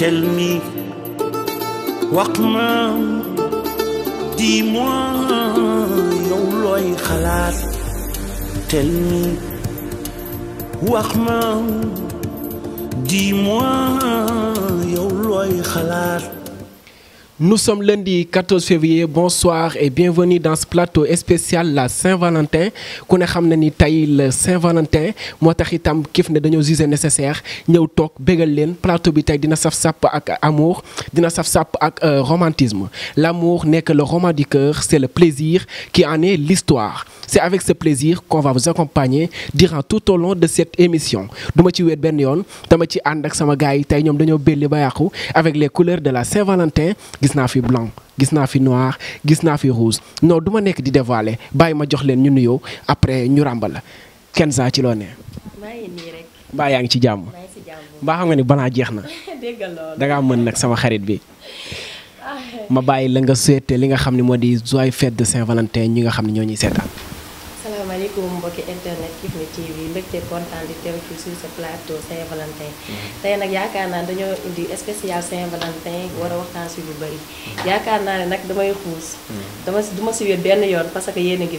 tell me waxma dis-moi yow looy xalaat tell me waxma dis-moi yow looy xalaat Nous sommes lundi 14 février bonsoir et bienvenue dans ce plateau spécial la Saint-Valentin ku xamna ni la Saint-Valentin moo tax itam ne dañu jugé nécessaire ñëw tok bégal leen plateau bi tay dina saf sap ak amour dina saf sap ak euh, romantisme l'amour n'est que le roman du cœur c'est le plaisir qui en est l'histoire c'est avec ce plaisir qu'on va vous accompagner durant tout au long de cette émission Duma ci weet ben yoon dama ci and ak sama gaay tay ñom dañu avec les couleurs de la Saint-Valentin gis naa fi blanc gis naa fi noir gis naa fi rouge non du ma nekk di dévoiler bàyyi ma jox leen ñu nuyoo après ñu ràmbal la Kenza ci loo ne. mbaa yaa ngi ci jàmm. mbaa nga ni balaa jeex na. dangaa mën nag sama xarit bi. Ah. ma bàyyi la nga souhaité li nga xam ne moo di joyeux fête de Saint-Valentin ñi nga xam ne ñoo ñuy seetaan. Kifne TV mbégte kontaan di teew fii sur sa plateau Saint-Valentin mhm. tey nag yaakaar naa dañoo indi spécial Saint-Valentin mhm. war a waxtaan lu bëri mhm. yaakaar naa ne nag damay xuus dama si wéet benn yoon parce que yéen a ngi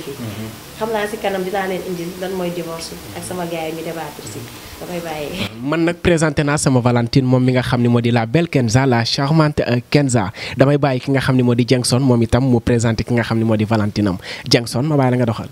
xam naa si kanam dinaa leen indil lan mooy divorce ak sama gars yi ñu débattre si dafay bàyyi euh, man nag présenté naa sama Valentine moom mi nga xam ne moo di la belle Kenza la charmante euh, Kenza damay bàyyi ki nga xam ni moo di Jengson moom itam mu ki nga xam ne moo di Valentine am Jengson ma bàyyi doxal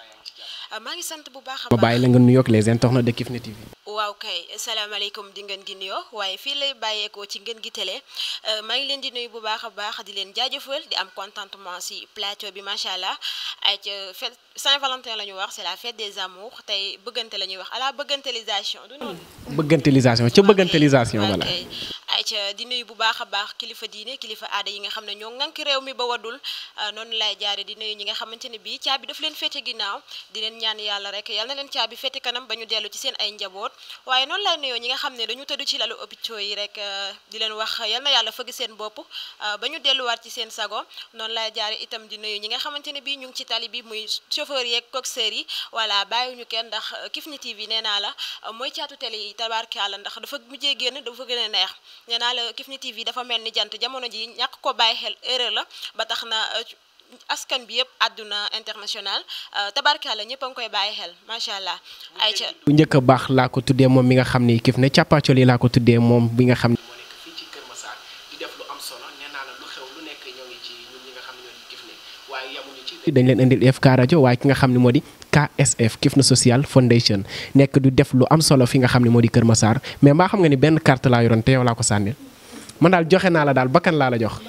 Ah, maa ngi sant bu baax ma bàyyi la nga nuyoog les internautes waaw kay salaamaaleykum di ngeen gi nuyoo waaye fii lay bàyyeekoo ci ngeen gi télé ah, maa ngi leen di nuyu bu baax a baax di leen jaajëfal di am contentement si plateau bi macha allah ay fête saint la ñu wax c'est la des amours tey bëggante la ñuy wax à la bëggantelisation du noonu. bëggantelisation ca bëggantelisation voilà. ayca di nuyu bu baax a baax kilifa diine kilifa aada yi nga xam ne ñoo ŋànk réew mi ba wadul ah, noonu lay jaare di nuyo ñi nga xamante ne bii caabi daf leen féete ginnaaw di leen ñaan yàlla rek yal na leen caabi fetti kanam ba ñu dellu ci seen ay njaboot waaye noonu lay nuyoo ñi nga xam ne dañu tëdd ci lalu hôpitaux yi rek euh, di leen wax yal na yàlla fëgg seen bopp euh, ba ñu delluwaat ci seen sago noonu lay jaare itam di nuyu ñi nga xamante ne bii ñu ngi ci tali bi muy chauffeur yeeg coxeur yi voilà bàyyiwuñu kenn ndax euh, Kifne TV nee naa la mooy caatu télé yi tabaarkalla ndax dafa mujjee génn dafa gën a neex nee naa la Kifne TV dafa mel ni jant jamono ji ñàkk ko bàyyi xel erreur la ba askan bi yëpp aduna international eh, tabarkaale ñepp ngoy baye koy bàyyi xel macha allah. ayca bu ñëk bax la ko tuddé mom mi nga xamni kif ne càppaacol yi la ko tuddé mom bi nga xamni moo nekk fii ci Kër Massar di def lu am solo nee la lu xew lu nekk ñoo ngi ci ñun ñi nga xam ñoo kif ne waaye yamuñu ci. dañ leen andil FK radio waaye ki nga xamni modi KSF Kifna Social Foundation nek du def lu am solo fi nga xamni modi keur Massar mais ma xam nga ni ben carte la yoron te yow la ko sanel man dal joxe na la dal bakan la la jox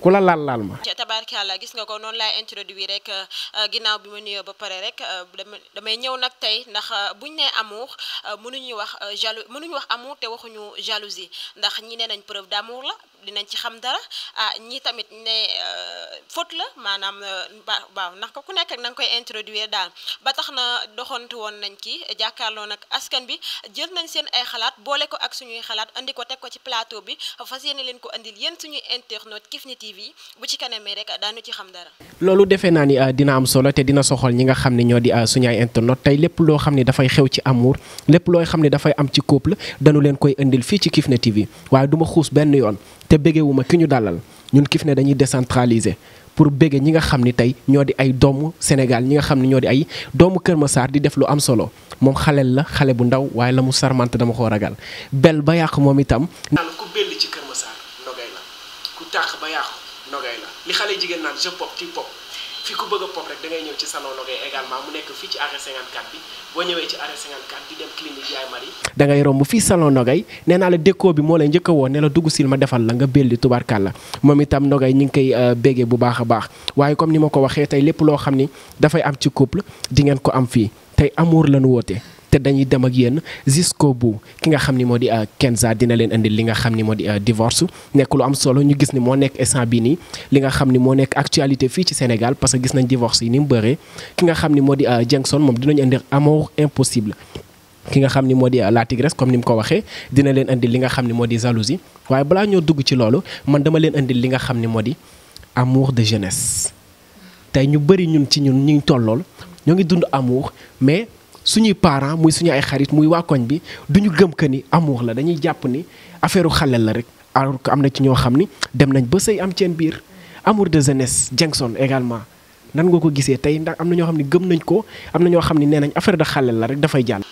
ku la laal laal ma. tabaarkalla gis nga ko noonu laay introduire rek euh, ginnaaw bi ma nuyoo ba pare rek euh, damay ñëw nag tey ndax euh, buñ nee amour mënuñu wax jalo mënuñu wax amour te waxuñu jalousie ndax ñi nee nañ preuve d'amour la dinañ ci xam dara ah ñii tamit ne euh, faute la maanaam euh, waaw ndax ku nekk na nga koy introduire daal ba tax na doxantu woon nañ ci jàkkaarloo nag askan bi jël nañ seen ay xalaat boole ko ak suñuy xalaat andi ko teg ko ci plateau bi fa yéene leen ko indil yéen suñuy internautes Kifne TV bu ci kanamee rek daanu ci xam dara. loolu defe naa ni ah, dina am solo te dina soxal ñi nga xam ne ñoo di ah, suñu ay internautes tey lépp loo xam ne dafay xew ci amour lépp looy xam ne dafay am ci couple dañu leen koy andil fii ci Kifne TV waaye du ma xuus benn yoon. te bégewu ma ki ñu dalal ñun kif ne dañuy décentraliser pour bége ñi nga xam ni tey ñoo di ay doomu Sénégal ñi nga xam ni ñoo di ay doomu Kër Massar di def lu am solo moom xaleel la xale bu ndaw waaye la mu sarmante dama ko ragal bel ba yàq moom itam. naan ku bell ci Kër Massar ndogay la ku tàq ba yàqu ndogay la li xale jigéen naan je pop tu pop. fii ku bëgg a rek da ñëw ci salon Nogaye également mu nekk fii ci arrêt 54 bi boo ñëwee ci arrêt 54 di dem clinique Yaay Marie. da romb fii salon Nogaye nee naa la déco bi moo lay njëkk a ne la dugg sil ma defal la nga belli tubarkàlla moom itam Nogaye ñi ngi koy euh, béggee bu baax a baax waaye comme ni ma ko waxee tey lépp loo xam ni dafay am ci couple di ngeen ko am fii tey amour lañu wootee te dañuy dem ak yéen jusqu'au bout ki nga xam ni moo di euh, Kenza dina leen indi li nga xam ni moo di euh, divorce nekk lu am solo ñu gis ni moo nekk instant bi nii li nga xam ni moo nekk actualité fii ci Sénégal parce que gis nañ divorce yi ni mu bëree ki nga xam ni moo di euh, Diengson moom dinañu indi amour impossible ki nga xam ni moo di la tigresse comme ni mu ko waxee dina leen indi li nga xam ni moo di jalousie waaye balaa ñoo dugg ci loolu man dama leen indi li nga xam ni moo di amour de jeunesse tey ñu bëri ñun ci ñun ñu ngi tollool ñoo ngi dund suñuy parents muy suñu ay xarit muy waa koñ bi duñu gëm que ni amour la dañuy jàpp ni affaire xaleel la rek alors que am na ci ñoo xam ni dem nañ ba sëy am seen biir amour de jeunesse Jackson également nan nga ko gisee tey ndax am na ñoo xam ne gëm nañ ko am na ñoo xam ne nee nañ affaire de xaleel la rek dafay jàll.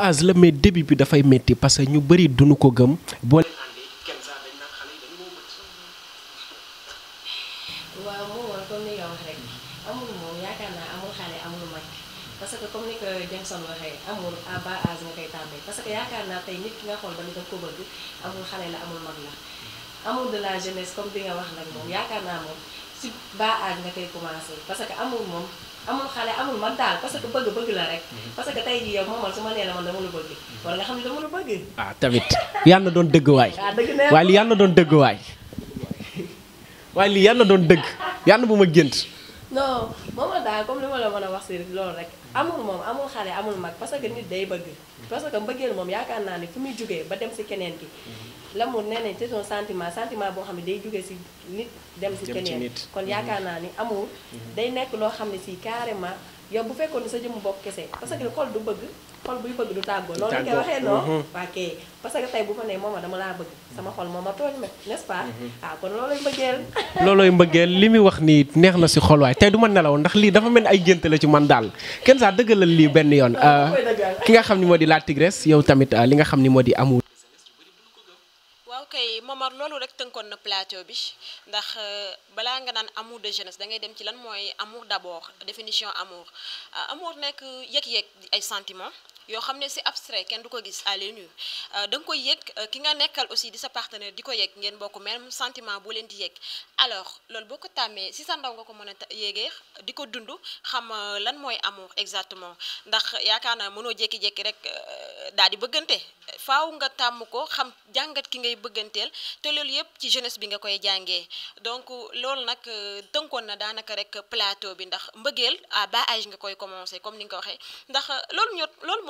base la mais début bi dafay métti parce que ñu bëri dunu ko gëm boole. waaw moom mooy ni nga wax rek amul moom yaakaar naa amul xale amul mag parce que comme ni ko Jameson waxee amul à bas âge nga koy tàmbee parce que yaakaar naa tey nit ki nga xool ba ni daf ko amul xale la amul mag la amul de la jeunesse comme bi nga wax nag moom yaakaar naa moom si bas âge nga koy commencé parce que amul moom. amul xale amul mag daal parce que bëgg bëgg la rek. Mhm. parce que tey jii moomal su ma nee la man dama la bëgg. Mhm. war nga xam ne dama la bëgg. ah tamit yal doon dëgg waay. Ah, waaye li doon dëgg waay. waaye lii yal doon dëgg yal bu ma gént. non moomal daal comme li ma la mën a wax si loolu rek amul moom amul xale amul mag parce que nit day bëgg. Mhm. parce que mbëggeel moom yaakaar naa ne fi muy jógee ba dem si keneen gi l'amour nee nañ c'est un sentiment sentiment bo xamni day jóge si nit dem si kenen kon yaakaar ni amour mhm. day nek lo xamni ci carrément yow bu fekkone sa jëm bok kese parce que xol du bëgg xol bu bëgg du taggo loolu nga waxé non mhm. ok parce que tay bu fa né moma dama la bëgg sama xol moma togn me n'est-ce pas mhm. ah kon looloy mbëggeel looloy mbëggeel limi wax ni neex na si xol way tay du ma nelaw ndax li dafa mel ay gént la ci man dal kenn sa dëggalal li ben yoon euh, ki nga xamni modi di la tigresse yow tamit euh, li nga xamni modi di amour ok Momar lolou rek na plateau bi ndax euh, bala nga nan amour de jeunesse da ngay dem amour d'abord définition amour euh, amour nek un ay sentiment yoo xam ne c'est abstrait kenn du ko gis à l'œil nu da nga koy yëg euh, ki nga nekkal aussi di sa partenaire di ko yëg ngeen bokk même sentiment boo leen di yëg alors loolu boo ko tàmmee si sa ndaw nga ko mën a yéegee di ko dund xam euh, lan mooy amour exactement ndax yaakaar naa mënoo jékki-jékki rek euh, daal di bëggante faaw nga tàmm ko xam jàngat ki ngay bëgganteel te loolu yëpp ci jeunesse bi nga koy jàngee donc loolu nag tënkoon na daanaka rek plateau bi ndax mbëggeel à bas âge nga koy commencer comme ni nga ko waxee ndax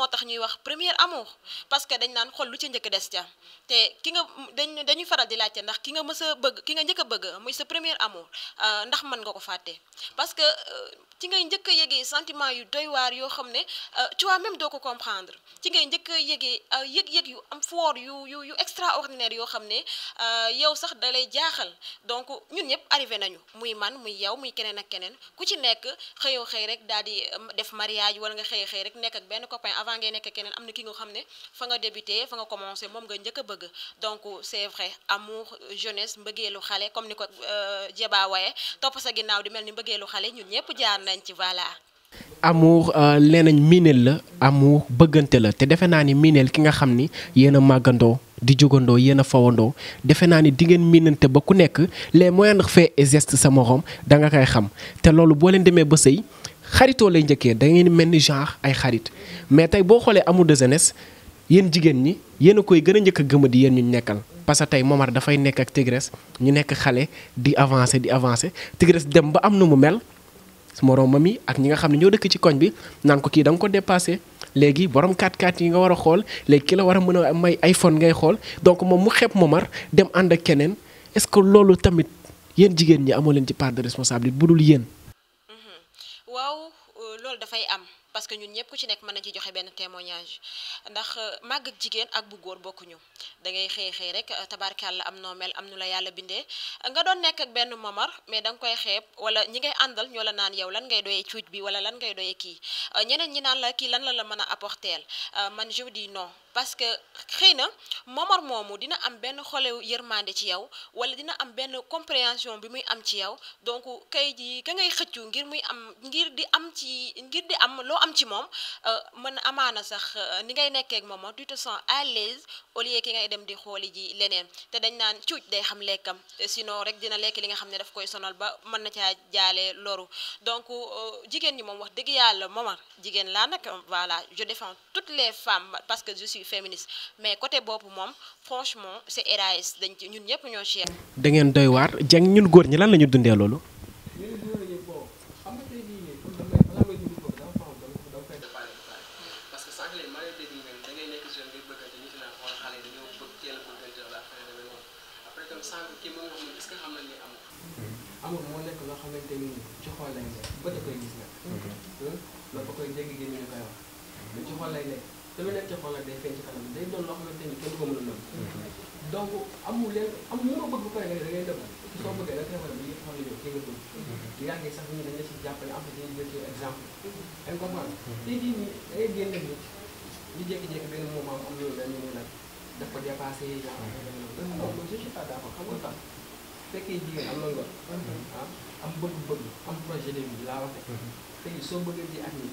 moo tax ñuy wax premier amour parce que dañ naan xol lu ca njëkk des ca te ki nga dañ dañuy faral di laajte ndax ki nga mës a bëgg ki nga njëkk a bëgg muy sa premier amour euh, ndax mën nga ko fàtte parce euh, ci ngay njëkk a yëgee sentiment yu doy yoo xam ne euh, tu vois même doo ko comprendre ci ngay njëkk a euh, yëg-yëg yu am foor yu yu yu extraordinaire yoo xam ne euh, yow sax dalay jaaxal donc ñun ñëpp arrivé nañu muy man muy yow muy keneen ak keneen ku ci nekk xëyoo xëy rek daal di def mariage wala nga xëy xëy rek nekk ak benn copain avant ngay nekk keneen am na ki nga xam ne fa nga débuté fa nga commencé moom nga njëkk a bëgg donc c'est vrai amour jeunesse mbëggeelu xale comme ni ko Jeba waaye topp sa ginnaaw di mel ni mbëggeelu xale ñun ñëpp jaar na nañ ci voilà. amour euh, nee nañ miineel la amour bëggante la te defe naa ni miineel ki nga xam ni yéen màggandoo di jógandoo yéen a fawandoo defe naa ni di ngeen miinante ba ku nekk les moindres faits et gestes sa morom danga nga koy xam te loolu boo leen demee ba sëy xaritoo lay njëkkee da ngeen mel ni genre ay xarit mais tey boo xoolee amour de jeunesse yéen jigéen ñi yéen a koy gën a njëkk a gëma di yéen ñu nekkal. parce que tey Momar dafay nekk ak Tigresse ñu nekk xale di avancer di avancer Tigresse dem ba am nu mu mel. moroomam yi ak ñi nga xam ne ñoo dëkk ci koñ bi naan ko kii da nga ko dépassé léegi borom 4x4 yi nga war a xool léegi ki la war a mën a may iPhone ngay xool donc moom mu xeeb Momar dem ànd ak keneen est que loolu tamit yéen jigéen ñi amoo leen ci part de responsabilité bu dul yéen. waaw loolu dafay am. parce que ñun ñëpp ku ci nekk mën a ci joxe benn témoignage ndax euh, màgg ak jigéen ak bu góor bokkuñu da ngay xëy xëy rek euh, la am noo mel am nu la yàlla bindee nga doon nekk ak benn mamar mais danga koy xeeb wala ñi ngay àndal ñoo la naan yow lan ngay doyee cuuj bi wala lan ngay doyee kii euh, ñeneen ñi naan la kii lan la la mën a apporteel man je dis non parce que xëy na momar moomu dina am ben xolew yërmande ci yow wala dina am ben compréhension bi muy am ci yow donc kay ji ka ngay xëccu ngir muy am ngir di am ci ngir di am lo am ci mom euh, man amana sax euh, ni ngay nekkee ak moom tu te sens à l'aise au lieu ki ngay dem di xooli ji lenen te dañ naan cuuj day xam lekam euh, sinon rek dina lek li nga xamné daf koy sonal ba man na ci jalé loru donc jigen ñi mom wax deug yàlla momar jigen la nak voilà je défends toutes les femmes parce que je suis fii mais côté boobu moom franchement c'est RAS dañ ci ñun ñëpp ñoo ci yem. da ngeen doy waar jàng ñun góor ñi lan la ñu dundee loolu. léegi génn ñu koy wax lu ci xol lay nekk te lu nekk ci xol nag day feeñ ci kanam day doon loo xamante ni kenn du ko mën a nëb. Mhm. donc amul leen am lu ma bëgg bu paree da ngay dem. soo bëggee da ngay war a ba yëpp xam ne yow kii nga bëgg. Mhm. yaa ngi sax ñu dañ la si jàppale am na dañuy jël ci exemple. Mhm. ay comprendre tey jii nii da ngay génne nit ñu jékki-jékki benn moment am loolu dañu ne o daf ko dépassé yaa ngi koy demee noonu. non non je suis pas d'accord xam nga tax fekkee jigéen am na ngor. ah am bëgg-bëgg am projet de vie laa waxee. tey soo bëggee ji ak nit.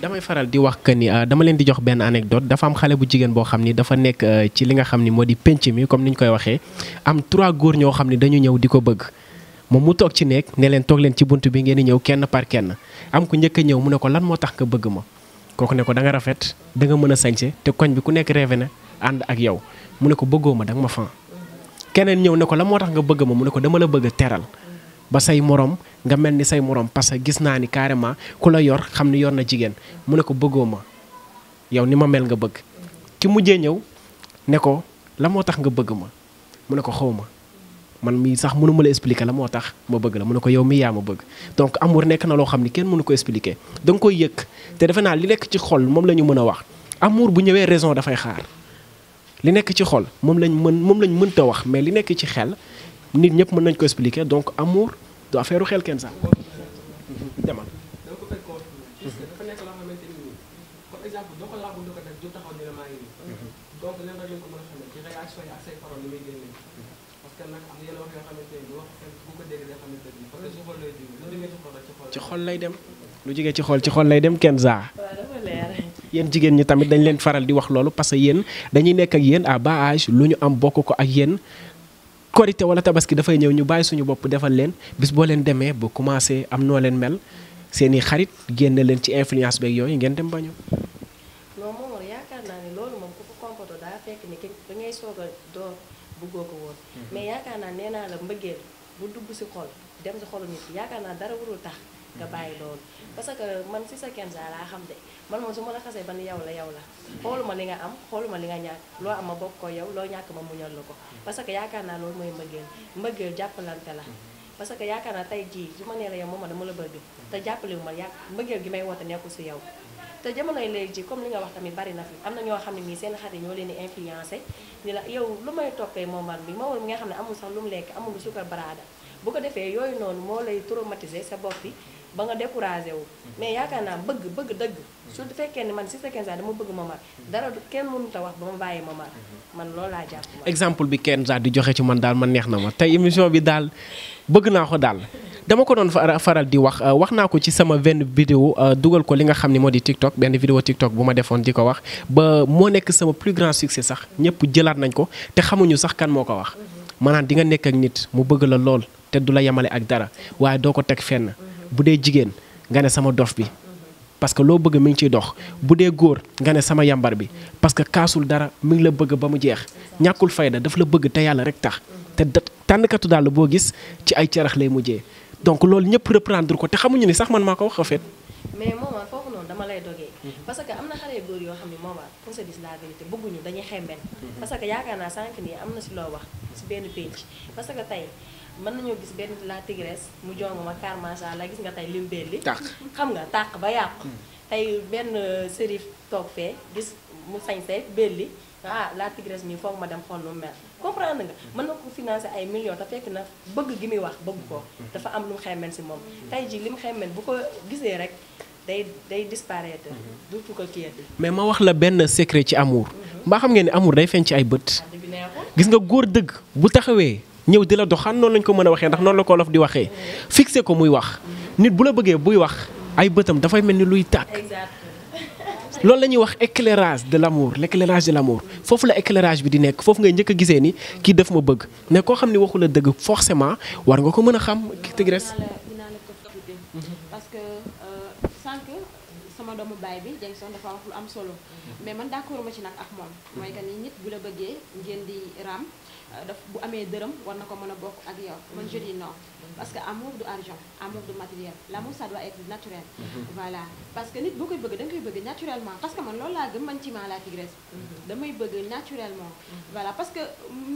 damay faral di wax que ni euh, dama len di jox ben anecdote dafa am xalé bu jigen bo xamni dafa nek euh, ci li nga xamni modi mi comme niñ koy am trois góor ño xamni dañu ñew di bëgg mom mu tok ci nek ne len tok len ci buntu bi ngeen ñew kenn par kenn am ku ñëk ñew mu ne ko lan mo tax nga bëgg ma koku ne ko da nga rafet da nga mëna a te koñ bi ku nek rêvé na and ak yow mu ne ko bëggoma da nga ma fa kenen ñew ne ko lan mo tax nga bëgg ma mu ne ko dama la bëgg téral ba say morom nga mel ni say morom parce que gis naa ni carrément ku la yor xam ni yor na jigéen mu ne ko bëggoo ma yow ni ma mel nga bëgg ki mujjee ñëw ne ko la moo tax nga bëgg ma mu ne ko xaw ma man mii sax mënu ma la expliquer la moo tax ma bëgg la mu ne ko yow mi ma bëgg donc amour nekk na loo xam ni kenn mënu ko expliquer da nga koy yëg te defe naa li nekk ci xol moom la ñu mën a wax amour bu ñëwee raison dafay xaar li nekk ci xol moom lañ mën moom lañ mënta wax mais li nekk ci xel nit ñëpp mën nañ ko expliquer donc amour du affaire xel kenn sax demal. ci xol lay dem lu jigee ci xool ci xool lay dem kenn saa yéen jigéen ñi tamit dañ leen faral di wax loolu parce que yéen dañuy nekk ak yéen à lu ñu am bokk ko ak yéen korité wala tabaski dafay ñëw ñu bàyyi suñu bopp defal leen bis boo leen demee ba commencé am noo leen mel seeni xarit génne leen ci influence beeg yooyu ngeen dem bañu non moom yaakaar naa ne loolu moom ku ko comporté daa fekk ni ki da ngay soog a door bëggoo ko woon mhm. mais yaakaar naa nee naa la mbëggeel bu dugg si xol dem si xolu nit yaakaar naa dara warul tax nga bàyyi loolu parce que man si sa Kenza laa xam de man moom su ma la xasee ban yow la yow la xooluma li nga am xooluma li nga ñàkk loo am ma bokk ko yow loo ñàkk ma muñal la ko parce que yaakaar naa loolu mooy mbëggeel mbëggeel jàppalante la parce que yaakaar naa tey jii su ma nee la yow ma dama la bëgg te jàppale wu ma yàq mbëggeel gi may woote nekkul si yow te jamonoy léegi jii comme li nga wax tamit bari na fi am na ñoo xam ne nii seen xarit ñoo leen di influencé ni la yow lu may toppee moomal bi moomal mi nga xam ne amul sax lu mu lekk amul lu sukar baraada bu ko defee yooyu noonu moo lay traumatiser sa bopp bi ba nga découragé wu mhm. mais yaakaar naa bëgg bëgg dëgg mhm. su fekkee ne man si sa Kenza dama bëgg Momar mhm. dara kenn mënut a wax ba ma bàyyi Momar man loolu laa jàpp exemple bi Kenza di joxe ci man daal man neex na ma tey émission bi daal bëgg naa ko daal dama ko doon faral di wax wax naa ko ci sama benn vidéo euh, dugal ko li nga xam ne moo di TikTok benn vidéo TikTok bu ma defoon di ko wax ba moo nekk sama plus grand succès sax ñëpp jëlaat nañ ko te xamuñu sax kan moo ko wax maanaam di nga nekk ak nit mu bëgg la lool te du la yemale ak dara waaye doo ko teg fenn bu dee jigéen nga ne sama dof bi parce que loo bëgg mi ngi ciy dox bu dee góor nga ne sama yambar bi parce que kaasul dara mi ngi la bëgg ba mu jeex ñàkkul fayda daf la bëgg te yàlla rek tax te tànnkatu daal boo gis ci ay carax lay mujjee donc loolu ñëpp reprendre ko te xamuñu ni sax man maa ko wax a fait. mais Momar foofu noonu dama lay dogee. parce am na xale góor yoo xam ne Momar pour se dire la vérité nii am na si loo wax tey. mën nañoo gis benn la tigresse mu jongo ma car la gis nga tey lim belli xam nga tàq ba yàqu hmm. tey benn euh, sérif toog fee gis mu sañse belli ah, ah la tigresse mi foog ma dem xool nu mel comprendre nga hmm. mën na ko financer ay millions te fekk na bëgg gi muy wax bëgg ko hmm. dafa am lu mu si moom tey ji li mu xemmen bu ko gisee rek day day disparaître duutu ko kii mais ma wax la benn secret ci amour mbaa xam ngeen ne amour day feeñ ci ay bët gis nga góor dëgg bu taxawee ñëw di la doxaan noonu lañ ko mën a waxee ndax noonu la ko Wolof di waxee fixé ko muy wax nit bu la bëggee buy wax ay bëtam dafay mel ni luy tàkk loolu la ñuy wax éclairage de l'amour l'éclairage de l'amour foofu la éclairage bi di nekk foofu ngay njëkk a gisee ni kii daf ma bëgg mais koo xam ne waxu la dëgg forcément war nga ko mën a xam ki Tigresse mhm. parce que euh, sànq sama doomu baay bi Jackson dafa wax lu am solo mhm. mais man d'accord ma ci nag ak moom mooy Je bu amee dërëm na a bokk ak yow man mhm. je dis non parce que amour de argent amour du matériel l'amour ça doit être naturel mhm. voilà parce que nit bu koy bëgg da naturellement parce que man loolu laa gëm man ci maa laa mhm. damay naturellement voilà parce que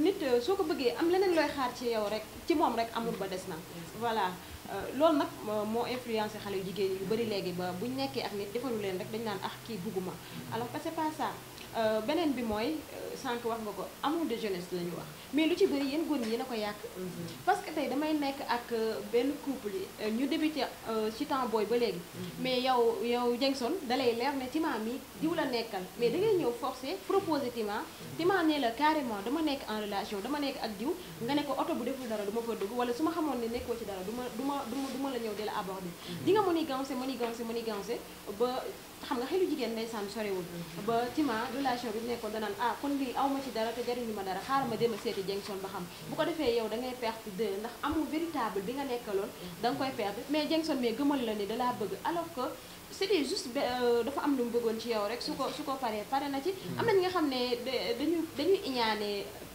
nit euh, soo ko bëggee am leneen looy xaar ci yow rek ci moom rek amour ba des na voilà euh, loolu nag influencé xale yu jigéen yu bëri léegi ba buñ nekkee ak nit defalu rek ah, alors que c'est pas ça euh, benen bi moy euh, sànq wax nga ko amour de jeunesse la wax mais lu ci bari yéen gone ñi yéen ko yak mm-hmm. parce que tay damay nek ak ben couple yi ñu débuté ci temps booy ba légui mm-hmm. mais yow yow jengson dalay lèr ne Tima mi diw la nekkal mais da ngay ñëw forcer proposé Tima mm-hmm. Tima ne la carrément dama nek en relation dama nek ak diw nga ne auto bu deful dara duma ma fa dugg wala suma xamone xamoon ne nekkoo ci dara duma duma duma la ñëw di la aborder. di nga moni a gancé mën a gancé mën gancé ba. xam nga xelu jigéen ndeysaan soriwul ba tima relation bi nekkoon danaan ah kon lii aw ma ci dara te jariñu ma dara xaaral ma dem a seeti Jengson ba xam bu ko defee yow dangay ngay perte de ndax amul véritable bi nga nekkaloon da nga koy perte mais Jengson mais gëmal la ni dalaa laa bëgg alors que c'était juste euh, dafa am lu mu bëggoon ci yow rek su ko su ko pare pare na ci mm-hmm. am na ñi nga xam ne dañu dañuy iñaane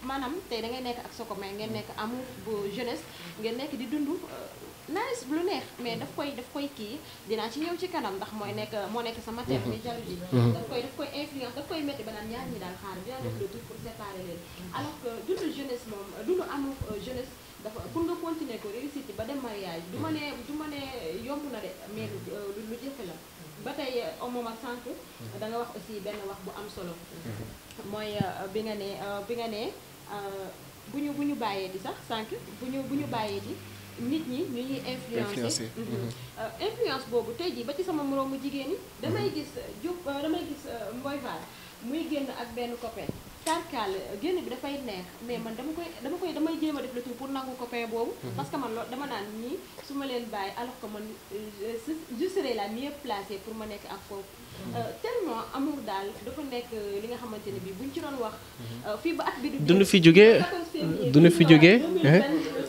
maanaam tey da ngay nekk ak sa copain ngeen nekk amour bu jeunesse ngeen nekk di dund euh, nice lu mais daf koy daf koy kii dinaa ci ñëw ci kanam ndax mooy nekk moo nekk sama thème mhm. mhm. daf koy daf koy influence daf koy metti ba ñaar ñi xaar alors que dundu jeunesse moom amours euh, jeunesse dafa pour nga continuer ko réussite ba dem mariage du ma ne ne mais euh, lu la ba tey au euh, moment mhm. da nga wax aussi benn wax bu am solo mooy bi nga ne bi nga ne bu ñu bu nit ñi ñu ñuy mhm. mhm. euh, influence boobu tey jii ba ci sama jigéen gis jub mhm. damay gis euh, euh, muy copain bi neex mais man dama koy dama koy pour copain parce que man dama naan alors que je serai la mieux place pour ma nekk ak foofu tellement amour li nga ne bi buñ ci wax ba at bi fi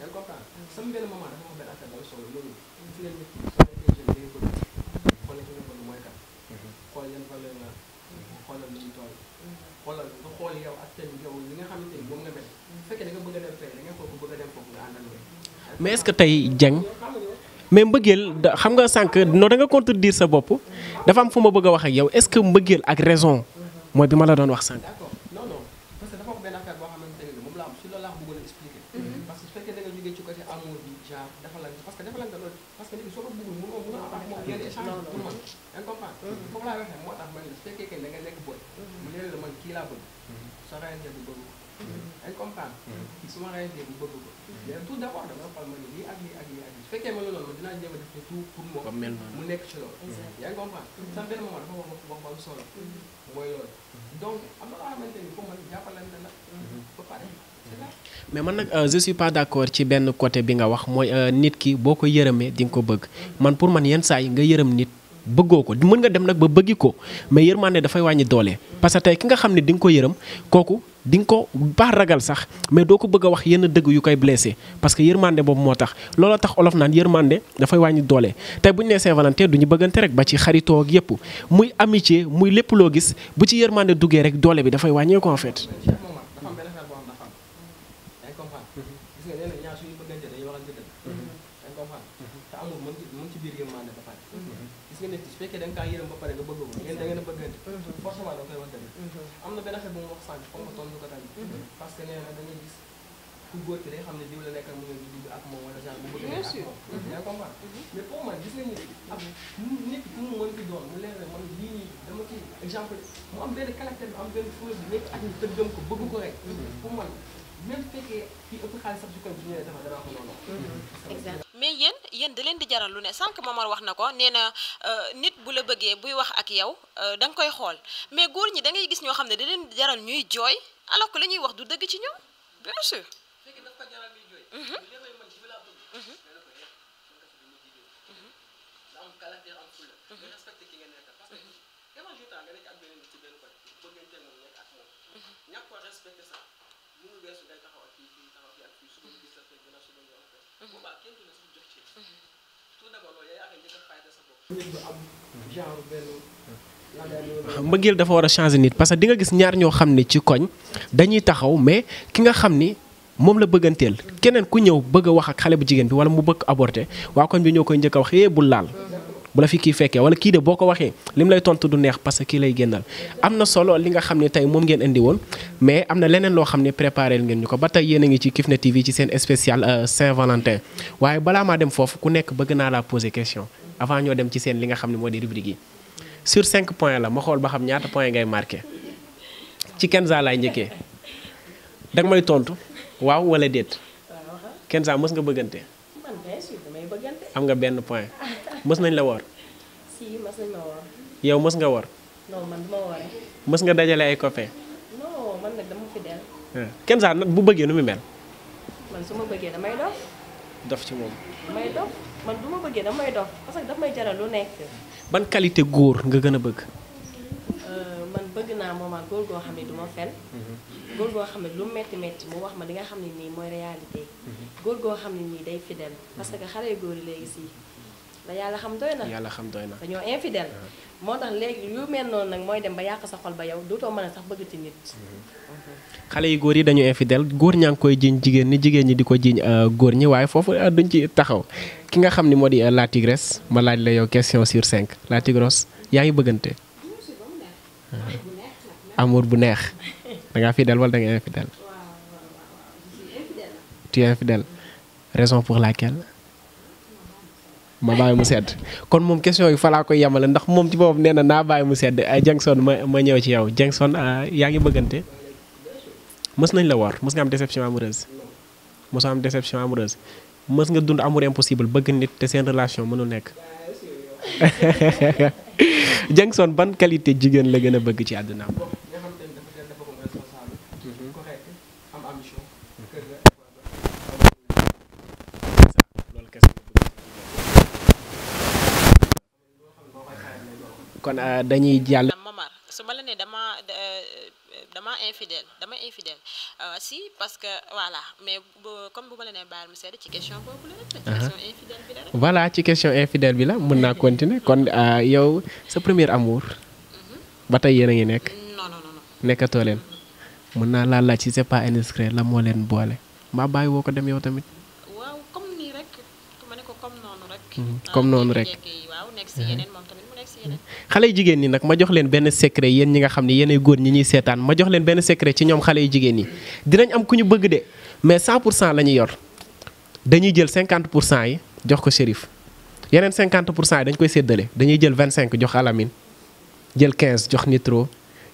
Mm. Mm. Mm-hmm. yaa mm-hmm. mm-hmm. ngi mais est que tey Dieng mais mbëggeel da xam nga sànq non da nga contredire sa bopp dafa am fu ma bëgg a wax ak yow est-ce que mbëggeel ak raison mooy bi ma la doon wax sànq Mm-hmm. reyantee mais man nag euh, je suis pas d'accord ci benn côté bi nga wax mooy euh, nit ki boo ko yërëmee di nga ko bëgg mm-hmm. man pour man yenn saa yi nga yërëm nit bëggoo ko mën nga dem nag ba bëggi ko mais yërmande dafay wàññi doole parce que tey ki nga xam ne di nga ko yërëm kooku dinga ko baax ragal sax mais doo ko bëgg wax yenn dëgg yu koy blessé parce que yërmande boobu moo tax looloo tax olof naan yërmande dafay wàññi doole tey bu ñu nee Saint-Valentin du ñu bëggante rek ba ci xaritoo ak yëpp muy amitié muy lépp loo gis bu ci yërmande duggee rek doole bi dafay wàññeeku en fait góor ki mhm. Mhm. mais pour man gis mhm. di yéen yéen da leen di jaral lu ne sànq Momar wax na ko nee na euh, nit bu la bëggee buy wax ak yow euh, da koy xool mais góor ñi da ngay gis ñoo xam ne da di jaral ñuy jooy alors que la ñuy wax du dëgg ci ñoom bien sûr mbëggeel dafa war a change nit parce que di nga gis ñaar ñoo xam ne ci koñ dañuy taxaw mais ki nga xam ni moom la bëgganteel keneen ku ñëw bëgg wax ak xale bu jigéen bi wala mu bëgg aborter waa koñ bi ñoo koy njëkk a wax eh bul laal bu la fi kii fekkee wala kii de boo ko waxee li lim lay tontu du neex parce que kii lay génnal am na solo li nga xam ne tey moom ngeen indi woon mais am na leneen loo xam ne préparé ngeen ñu ko ba tey yéen ngi ci Kifne TV ci seen spécial euh, Saint-Valentin waaye balaa maa dem foofu ku nekk bëgg naa laa poser question avant ñoo dem ci seen li xam ne moo di rubrique yi sur 5 la ma xool ba xam ñaata points ngay marqué ci Kenza laay njëkkee danga may tontu. waaw wala déet. Uh-huh. kenn saa mës nga bëggante. man am nga benn point mës nañ la wor yow mës nga woor. mës nga dajale ay copain. non man nag ah. kenn saa bu bëggee nu mu mel. man su ma bëggee damay dof. dof ci moom. damay dof man du bëggee damay dof parce que daf may jaral lu nekk. ban qualité góor nga gën a bëgg. bëgg naa moomaat góor goo xam ne du ma fen mhm. góor goo xam ne lu metti metti mu wax ma li nga xam ne nii mooy réalité mhm. góor goo xam ne nii day fidèle parce que xale góor yi léegi sii da yàlla xam doy na yàlla xam doy na dañoo infidèle mhm. moo tax léegi yu mel noonu nag mooy dem ba yàq sa xol ba yow dootoo mën a sax ci nit xale yi góor yi dañu infidèle góor ñaa ngi koy jiñ jigéen ñi jigéen ñi di ko jiñ euh, góor ñi waaye foofu euh, duñ ci taxaw ki nga xam ni di euh, la tigresse ma laaj la yow question sur cinq la tigresse yaa ngi amour bu neex da ngaa fidèle wala da nga infidèle tu es infidèle raison pour laquelle ma bàyyi mu sedd kon moom question yi fa laa koy yemale ndax moom ci boppam nee na naa bàyyi mu sedd ay eh, Jackson ma ma ñëw ci yow Jackson ah, yaa ngi bëggante mës nañ la war mës nga am déception amoureuse mës nga am déception amoureuse mës nga dund amour impossible bëgg nit te seen relation mënul nekk Jackson ban qualité jigéen la gën a bëgg ci àdduna kon euh, dañuy jàll. su ma la nee dama euh, dama infidèle dama infidèle euh, si parce que voilà mais comme bu ma la nee mu sedd ci question bobu la rek. question infidèle bi la voilà ci question infidèle bi la mën naa continuer kon euh, yow sa premier amour. Mhm. ba tay yéen a ngi nekk. non non non nekkatoo leen. mën naa laal laaj si c'est pas indiscret la moo leen boole mbaa bàyyi woo ko dem yow tamit. waaw comme nii rek ma ne ko comme noonu rek. Mhm. comme noonu ah, rek waaw nekk si mhm. yeneen moom xalé jigen ni nak ma jox len ben secret yéen ñi nga xamni ne yéenay góor ñi ñuy seetaan ma jox len ben secret ci ñom xalé jigen ni dinañ am ku ñu bëgg de mais 100 lañu yor dañuy jël 50 yi jox ko shérif yeneen 50 dañ koy séddale dañuy jël 25 jox alamin jël 15 jox nitro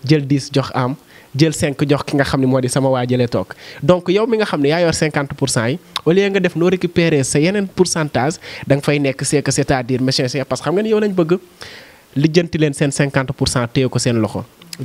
jël 10 jox am jël 5 jox ki nga xamni modi sama waa tok donc yow mi nga xamni ya yor 50 yi au lieu nga def no récupérer sa yenen pourcentage dang fay nek c'est que c'est-à-dire c'est parce que xam nga ni yow lañ bëgg lijjanti leen seen 50 pour cent téye ko seen loxo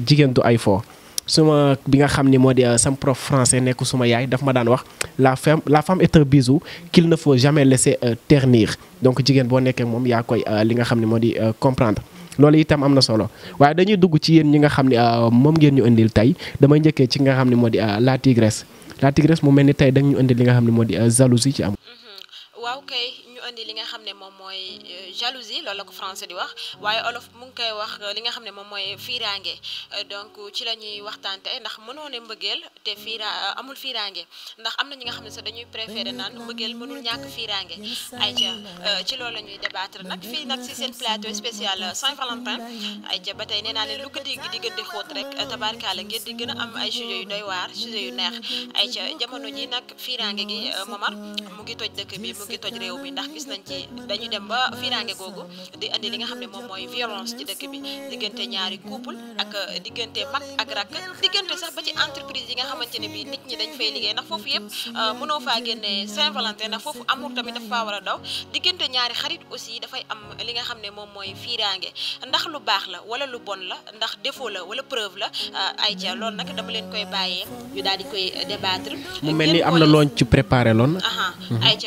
jigéen du ay fo. suma bi nga xam ni moo di euh, sam prof français nekk suma yaay daf ma daan wax la femme la femme est un bijou qu'il ne faut jamais laisser euh, ternir donc jigéen boo nekkee moom yaa koy euh, li nga xam ne moo di comprendre. loolu itam am na solo waaye dañuy dugg ci yéen ñi nga xam ne moom ngeen ñu indil tey damay njëkkee ci nga xam ne moo di la tigresse la tigresse mu mel ni tey dañu ñu indil li nga xam ne moo di jalousie ci am. Mm-hmm. indi li nga xam ne moom mooy euh, jalousie loolu la ko français di wax waaye olof mu ngi koy wax euh, li nga xam ne moom mooy fiiraange euh, donc ci la ñuy waxtaante ndax mënoo ne mbëggeel te fiira amul fiiraange ndax am na ñi nga xam ne sax dañuy préféré naan mbëggeel mënul ñàkk fiiraange ay ca ci loolu la ñuy débattre nag ba tey nee naa leen lu ko dégg di gën di xóot rek tabarkaale ngeen di gën a am ay sujet yu doy waar sujet yu neex ay ca jamono ji nag fiiraange gi Momar mu ngi toj dëkk bi mu ngi toj réew mi ndax gis nañ ci dañu dem ba fiiraange googu di andi li nga xam ne moom mooy violence ci dëkk bi diggante ñaari couple ak diggante mag ak rakk diggante sax ba ci entreprise yi nga xamante ne bii nit ñi dañ fay liggéey ndax foofu yëpp euh, mënoo faa génne Saint-Valentin ndax foofu amour tamit dafa faa war a daw diggante ñaari xarit aussi dafay am li nga xam ne moom mooy fiiraange ndax lu baax la wala lu bon la ndax défaut la wala preuve la euh, ay ca loolu nag dama leen koy bàyyee daal di koy débattre mu mel ni am na loon ci préparé loon ay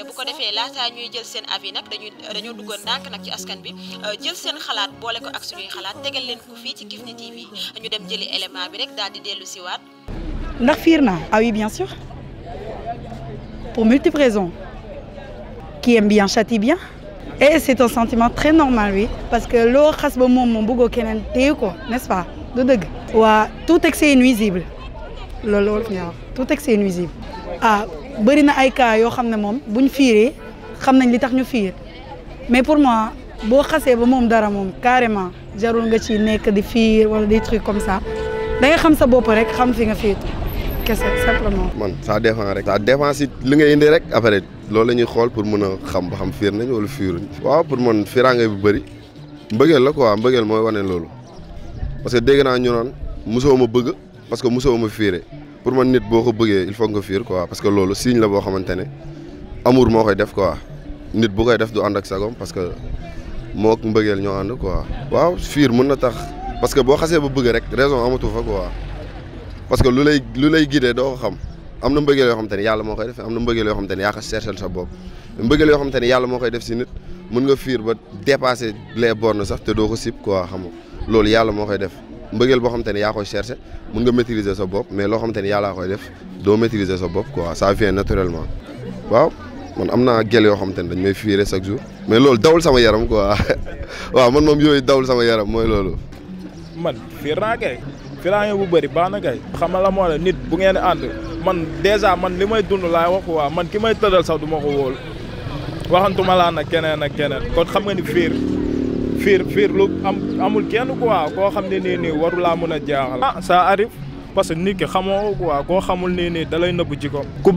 seen avis nag dañu dañu duggoon ndànk nak ci askan bi euh, jël seen xalaat boole ko ak suñuy xalaat tegal leen ko fii ci kifni TV ñu dem jëli élément bi rek daal di dellu si waat. ndax fiir naa ah oui bien sûr pour multiples raisons qui aime bien châtie bien et c'est un sentiment très normal oui parce que loo xas ba moom moom bëggoo keneen téye ko n'est-ce pas du dëgg. waa tout excès est nuisible loolu loolu fi wax tout excès est nuisible ah bëri na ay cas yoo xam ne moom buñ fiiree xamnañ li tax ñu fi mais pour moi bo xasse ba mom dara mom carrément jarul nga ci nek di fi wala des trucs comme ça da nga xam sa bop rek xam fi nga fiitu kese simplement. man ça dépend rek. ça dépend si li nga indi rek après loolu lañuy ñuy xool pour mëna xam ba xam fiir nañ wala fiiruñ. waaw pour man fiiraange bu bari mbëggeel la quoi mbëggeel mooy wane loolu parce que dégg naa ñu naan mosoo ma bëgg parce que mosoo ma fiire pour man nit boo ko bëggee il faut nga fiir quoi parce que loolu signe la boo xamante ne. amour moo koy def quoi nit bu koy def du ànd ak sagom parce que moo ak mbëggeel ñoo ànd quoi. waaw fiir mën na tax parce que boo xasee ba bëgg rek raison amatu fa quoi parce que lu lay lu lay guidé doo xam am na mbëggeel yoo xam te yàlla moo koy def am na mbëggeel yoo xam te ne yaa ko cherchel sa bopp mbëggeel yoo xam te ne yàlla moo koy def si nit mën nga fiir ba dépasser les bornes sax te doo ko sib quoi xam nga loolu yàlla moo koy def. mbëggeel boo xam ne yaa koy cherché mën nga maîtriser sa bopp mais loo xam te ne yàllaa koy def doo maîtriser sa bopp quoi ça vient naturellement waaw man am naa gel yoo xam te ne dañ may fiire chaque jour mais loolu dawul sama yaram quoi waaw man moom yooyu dawul sama yaram mooy loolu. man fiir naa kay fiiraange bu bëri baax na kay xamal la moo la nit bu ngeen ànd man dèjà man li may dund laa wax waa man ki may tëddal sax duma ma ko wóol waxantuma laa nag keneen ak keneen kon xam nga ni fiir fiir fiir lu am amul kenn quoi koo xam ne nii nii waru laa mën a jaaxal. ah ça arrive parce nit ki xamoo quoi koo xamul nii nii da lay nëbb ko ku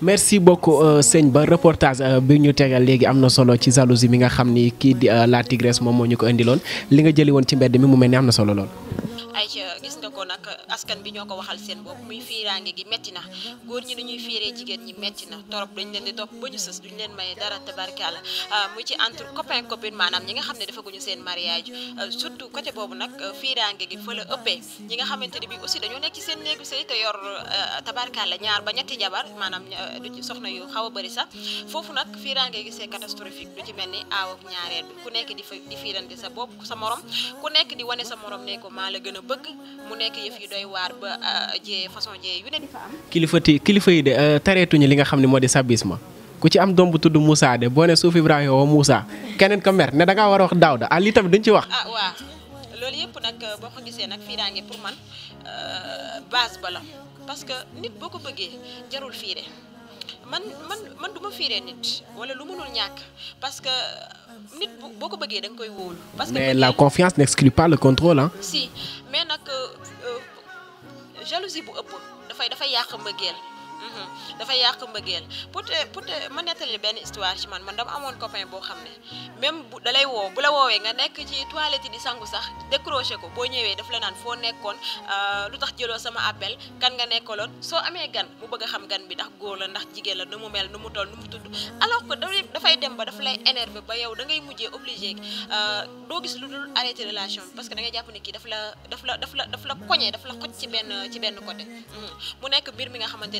merci beaucoup euh, sëñ Ba reportage euh, bi ñu tegal léegi am na solo ci jalousie mi nga xam ni kii di euh, la Tigresse moom moo ñu ko indiloon li nga jëli woon ci mbedd mi mu mel ni am na solo lool. ay ca gis nga ko nag askan bi ñoo ko waxal seen bopp muy fiiraange gi métti na góor ñi dañuy fiiree jigéen ñi métti na torop dañ leen di topp ba ñu sës duñ leen maye dara tabarkaala ah, muy ci entre copain copine maanaam ñi nga xam ne defaguñu seen mariage ah, surtout côté boobu nag fiiraange gi fa ëppee ñi nga xamante ne bi aussi dañoo nekk ci seen néegu sëy te yor ah, tabarkaala ñaar ba ñetti jabar maanaam du ci soxna yu xaw a bëri sax foofu nag fiiraange gi c'est catastrophique du ci mel ni aaw ak ñaareel di sa bopp sa morom ku nekk di wane sa a bëgg mu nekk yëf yu doy waar ba euh, jiyee façon jiyee yu ne di fa am. kilifa ti kilifa yi de euh, tareetuñu li nga xam ne moo di sabisma ku ci am doom bu tudd Moussa de boo ne suuf Ibrahima wa Moussa keneen ko mer ne da war a wax Daawda ah lii tamit duñ ci wax. ah waaw loolu yëpp nag euh, boo ko gisee nag fii daa ngi pour man base ba la parce nit boo ko bëggee jarul fii de man man man du ma nit wala lu mënul ñak parce que nit boko bëggé bëggee da nga koy wóolu. parce que mais la confiance n'exclut pas le contrôle hein si mais nak euh, euh, jalousie bu ëpp da fay yàq mbëggeel. Mhm. dafay yàq mbëggeel pour pour te ma nettali benn histoire ci man man dama amoon copain boo xam ne même bu dalay woo bu la woowee nga nekk ci toilette yi di sangu sax décroché ko boo ñëwee daf la naan foo nekkoon euh, lu tax jëloo sama appel kan nga nekkaloon soo amee gan mu bëgg a xam gan bi ndax góor la ndax jigéen la nu mu mel nu mu toll nu mu tudd alors que dafay dem ba daf lay énervé ba yow da ngay mujjee obligé euh, doo gis lu dul arrêté relation bi parce que da ngay jàpp ne kii daf la daf la daf la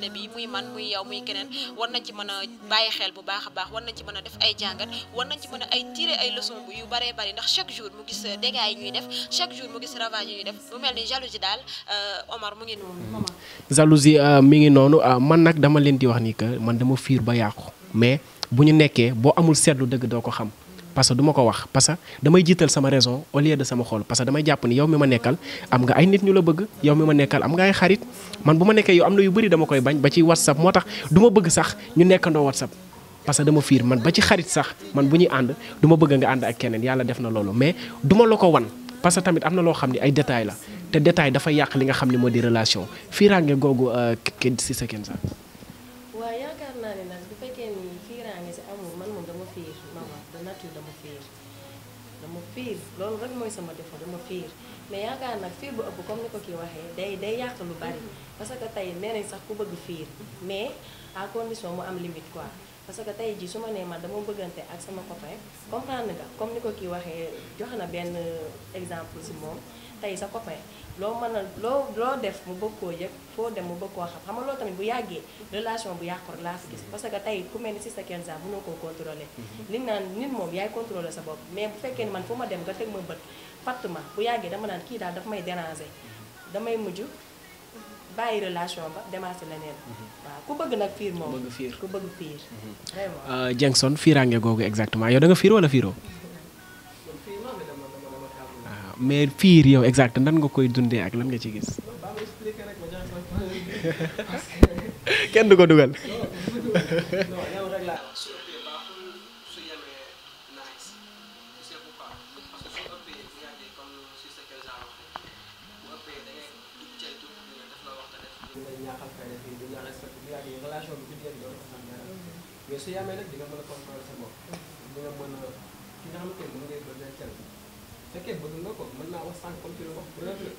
daf muy man muy yow muy keneen war nañ ci mën a bàyyi xel bu baax a baax war na ci mën a def ay jàngat war nañ ci mën a ay tirer ay leçon bu yu baree bari ndax chaque jour mu gis euh, dégâts yi ñuy def chaque jour mu gis ravage yi def bu mel ni jalousie daal euh, Omar mu ngi noonu. Mm-hmm. jalousie euh, mi ngi noonu man nag dama leen di wax ni que man dama fiir ba yàqu mais bu ñu nekkee boo amul seetlu dëgg doo ko xam. parce que du ko wax parce que damay jiital sama raison au lieu de sama xol parce que damay jàpp ni yow mi ma nekkal am nga ay nit ñu la bëgg yow mi ma nekkal am nga ay xarit man bu ma nekkee yow am na yu bëri dama koy bañ ba ci whatsapp moo tax du bëgg sax ñu nekkandoo whatsapp parce que dama fiir man ba ci xarit sax man bu ñuy ànd du ma bëgg nga ànd ak keneen yàlla def na loolu mais duma la ko wan parce que tamit am na loo xam ne ay détails la te détail dafa yàq li nga xam ne moo di relation fiiraange googu euh, kii si sa kenn mooy sama défaut dama fiir mais yaakaar nag fiir bu ëpp comme ni ko kii waxee day day yàq lu bari parce que tey nee nañ sax ku bëgg fiir mais à condition mu am limite quoi parce que tey jii su ma nee man dama bëggante ak sama copain comprendre nga comme ni ko kii waxee jox na benn exemple si moom tey sa copain loo man a loo loo def mu bëgg koo yëg foo dem mu bëgg koo xam xam nga loolu tamit bu yàggee relation bu yàqu laa fi gis mm-hmm. parce que tey ku mel ni Sista Kenza mënoo koo contrôler mm-hmm. li naan nit moom yaay contrôler sa bopp mais bu fekkee ne man fu ma dem nga teg ma bët Fatuma bu yàggee dama naan kii daal dafa may déranger mm-hmm. damay mujj bàyyi relation ba demaasi leneen waaw ku bëgg nag fiir moom ku bëgg fiir vraiment Diengson euh, fiiraange googu exactement yow da nga fiir wala fiiroo mais fiir yow exact nan nga koy dundee ak lan nga ci gis. kenn du ko dugal. fekkee bëgg nga ko mën naa wax sans continuer wax preuve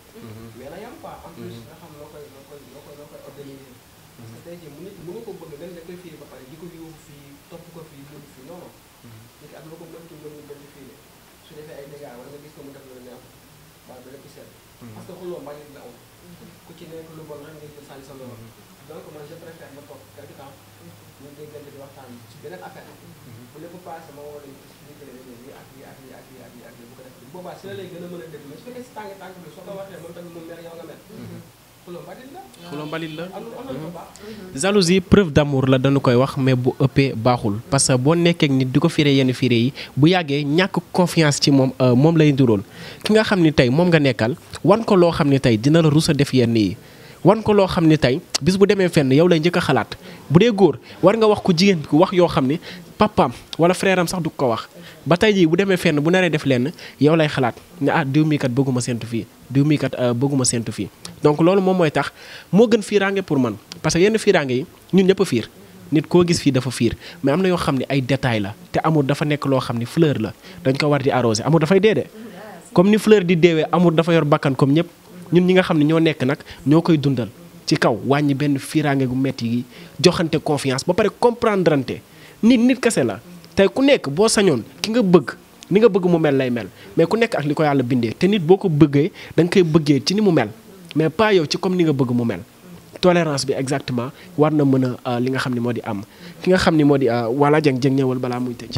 mais na yam quoi en plus mm-hmm. nga xam loo koy loo koy loo koy loo koy organiser parce que tey jii mu nit mënu bëgg nga koy fii ba pare di ko yóbbu fii topp ko fii yóbbu fii non non mm-hmm. nit ki ak lu ko mënti mën ñu bëgg su defee ay dégâts wala nga gis ko mu def lu neex waaye ba lépp seet mm-hmm. parce que xuloo mbañit la am ku ci nekk lu bon rek nga jël sànni sa loolu donc man je préfère ma toog quelque temps ñu déggante di waxtaan ci beneen affaire bu lépp passé ma woo boobaa la lay gën a mën a la xuloo jalousie preuve d'amour la dañu koy wax mais bu ëppee baaxul parce que boo nekkee nit di ko firé yenn firé yi bu yàggee ñàkk confiance ci moom euh, moom lay durool ki nga xam ni tey moom nga nekkal wan ko loo xam ni tey dina la rus a def yenn yi wan ko loo xam ne tey bis bu demee fenn yow lay njëkk a xalaat bu dee góor war nga wax ko jigéen bi wax yoo xam ne papaam wala frère am sax du ko wax ba tey jii bu demee fenn bu naree def lenn yow lay xalaat ne ah diw mii bëgguma séntu fii diw euh, bëgguma séntu fii donc loolu moom mooy tax moo gën fiiraange pour man parce que yenn fiiraange yi ñun ñëpp a fiir nit koo gis fii dafa fiir mais am na yoo xam ne ay détail la te amul dafa nekk loo xam ne fleur la dañ ko war di arrosé amul dafay dee comme ni fleur di deewee amul dafa yor bakkan comme ñëpp ñun ñi nga xam ne ñoo nekk nag ñoo koy dundal ci kaw wàññi benn fiiraange gu metti yi joxante confiance ba pare comprendrante nit nit kese la tey ku nekk boo sañoon ki nga bëgg ni nga bëgg mu mel lay mel mais ku nekk ak li ko yàlla bindee te nit boo ko bëggee da koy bëggee ci ni mu mel mais pas yow ci comme ni nga bëgg mu mel tolérance bi exactement war na mën a euh, li nga xam ne moo di am ki nga xam ni moo di euh, Wala Dieng Dieng ñëwal balaa muy tëj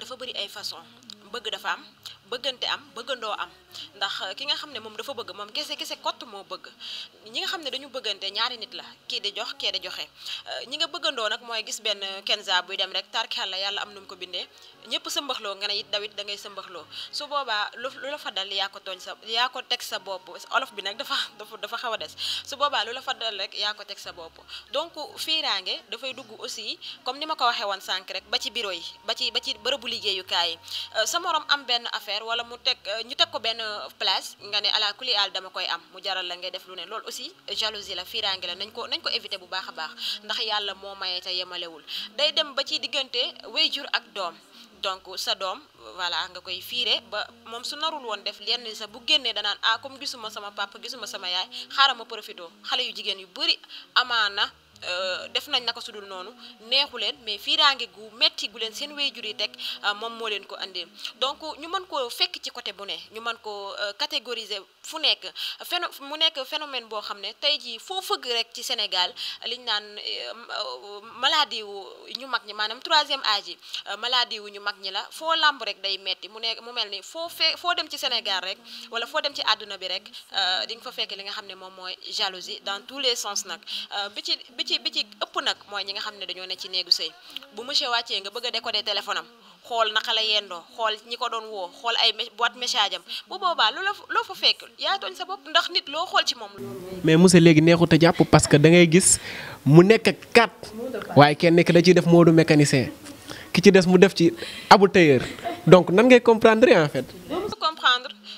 dafa bëri ay façon bëgg dafa am bëggante am bëggandoo am ndax euh, ki nga xam ne moom dafa bëgg moom kese kese kott moo bëgg ñi nga xam ne dañu bëggante ñaari nit la kii di jox kee di joxe euh, ñi nga bëggandoo nag mooy gis benn kenza buy dem rek tarki xel la yàlla am nu mu ko bindee ñëpp sëmbaxloo nga ne it dawit da ngay sëmbaxloo su boobaa lu la fa dal yaa ko tooñ sa yaa ko teg sa bopp olof bi nag dafa dafa dafa xaw a des su boobaa lu la fa dal rek yaa ko teg sa bopp donc fiiraange dafay dugg aussi comme ni ma ko waxee woon sànq rek ba ci bureau yi ba ci ba ci bërëbu liggéeyukaay Euh, place nga ne ala kuli al dama koy am mu jaral la ngay def lu ne loolu aussi jalousie la fiiraange la nañ ko nañ ko éviter bu baax a baax ndax yàlla moo maye te yemalewul day dem ba ci diggante wéyjur ak doom donc sa doom voilà nga koy fiire ba moom su narul woon def lenn sax bu génnee danaan ah comme gisuma sama papa gisuma sama yaay xaaral ma profito xale yu jigéen yu bëri amaana Euh, def nañ naka dul noonu neexu leen mais fiiraange gu metti gu leen seen wéyjur yi teg euh, moom moo leen ko andil donc ñu mën ko fekk ci côté bu ne ñu mën koo euh, catégoriser fu nekk phéno mu nekk phénomène boo xam ne tey jii foo fëgg rek ci Sénégal liñ naan maladie wu ñu mag ñi maanaam troisième âge yi maladie wu ñu mag ñi la foo làmb rek day metti mu nekk mu mel ni foo fe foo dem ci Sénégal rek wala foo dem ci àdduna bi rek di nga fa fekk li nga xam ne moom mooy jalousie dans tous les sens nag bi ci ci bi ci ëpp nag mooy ñi nga xam ne dañoo ne ci néegu sëy bu monsieur wàccee nga bëgg de décoder téléphone am xool naka la yendoo xool ñi ko doon woo xool ay boîte message am bu boobaa la loo fa fekk yaa tooñ sa bopp ndax nit loo xool ci moom. mais monsieur léegi neexut a jàpp parce que da gis mu nekk kat waaye kenn ki da ciy def moodu mécanicien ki ci des mu def ci abu tailleur donc nan ngay comprendre en fait.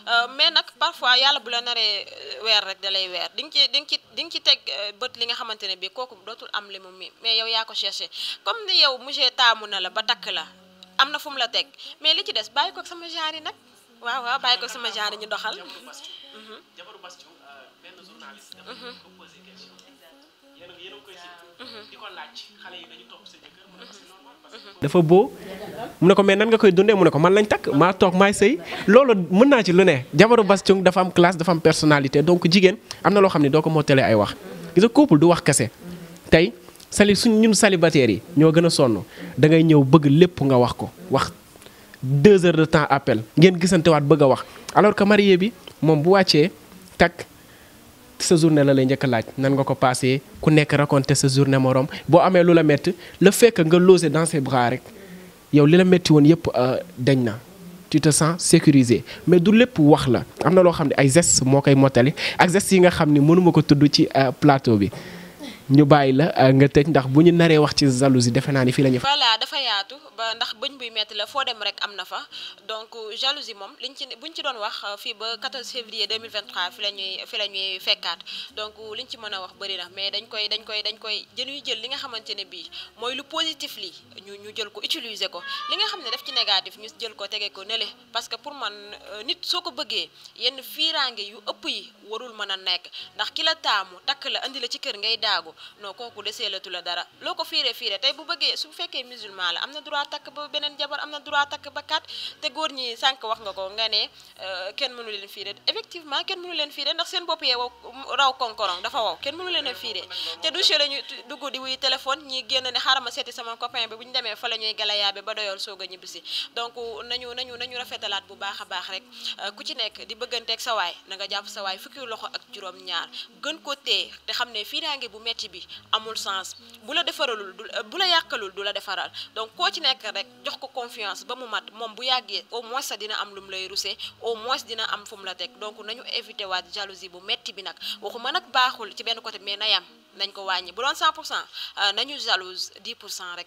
Euh, mais nag parfois yàlla bu la naree euh, weer rek da lay weer di nga ci di ci di nga ci teg euh, bët li nga xamante ne bii kooku dootul am li mu mi mais yow yaa ko cherché comme ni yow monsieur taamu na la ba takk la am na fu mu la teg mais li ci des bàyyi ko sama genre yi nag waaw waaw bàyyi ko sama genre ñu doxal. jabaru Bastion mhm. benn dafa boo mu ne ko mais nan nga koy dundee mu ne ko man lañ takk maa toog maay sëy loolu mën naa ci lu ne jabaru Bass Thioung dafa am classe dafa am personnalité donc jigéen am na loo xam ne doo ko mottalee ay wax gis nga couple du wax kese tey sali suñ ñun célibataires yi ñoo gën a sonn dangay ñëw bëgg lépp nga wax ko wax deux heures de temps appel ngeen gisantewaat bëgg a wax alors que bi moom bu wàccee takk sa journée la lay laaj nan nga ko passé ku nekk raconté ce journée morom Bo amé le fait que nga dans ses bras rek yow lila la won yépp euh, tu te sens sécurisé mais du lépp wax la amna lo ay nga euh, plateau bi ñu bàyyi la euh, nga tëj ndax bu ñu naree wax ci jalousie defe naa ni fii la ñu. voilà dafa yaatu ba ndax bëñ buy metti la foo dem rek am na fa donc euh, jalousie moom liñ ci buñ ci doon wax euh, fii ba 14 février 2023 fi la ñuy fi la ñuy fekkaat donc liñ ci mën a wax bëri na mais dañ koy dañ koy dañ koy jëluñu jël li nga xamante ne bii mooy lu positif lii ñu ñu jël ko utiliser ko li nga xam ne daf ci négatif ñu jël ko tege ko nële parce que pour man nit soo ko bëggee yenn fiiraange yu ëpp yi warul mën a nekk ndax ki la taamu takk la andi la ci kër ngay daagu non kooku deseelatu la dara loo ko fiire fiire tey bu bëggee su fekkee musulman la am na droit takk ba beneen jabar am na droit takk ba kat te góor ñi sànq wax nga ko nga ne euh, kenn mënu fiire effectivement kenn mënu fiire ndax seen bopp yee raw konkorong dafa wow kenn mënu a fiire te du la ñu dugg di wuy téléphone ñi génn ne xarama seeti sama copain bi ñu demee fa la ñuy galayaabe ba doyoon soog ñibbisi donc nañu nañu rafetalaat bu baax a baax rek euh, ku ci nekk di bëgganteeg sa waay na nga jàpp sa waay fukki loxo ak juróom ñaar gën ko bi amul sens bu la defaralul du bu la yàqalul du la defaral donc koo ci nekk rek jox ko confiance ba mu mat moom bu yàggee au moins sax dina am lu mu lay rusee au moins dina am fu mu la teg donc nañu éviter waat jalousie bu metti bi nag mën nag baaxul ci benn côté mais na yam nañ ko wàññi bu doon 100 pour euh, nañu jalouse di pour cent rek.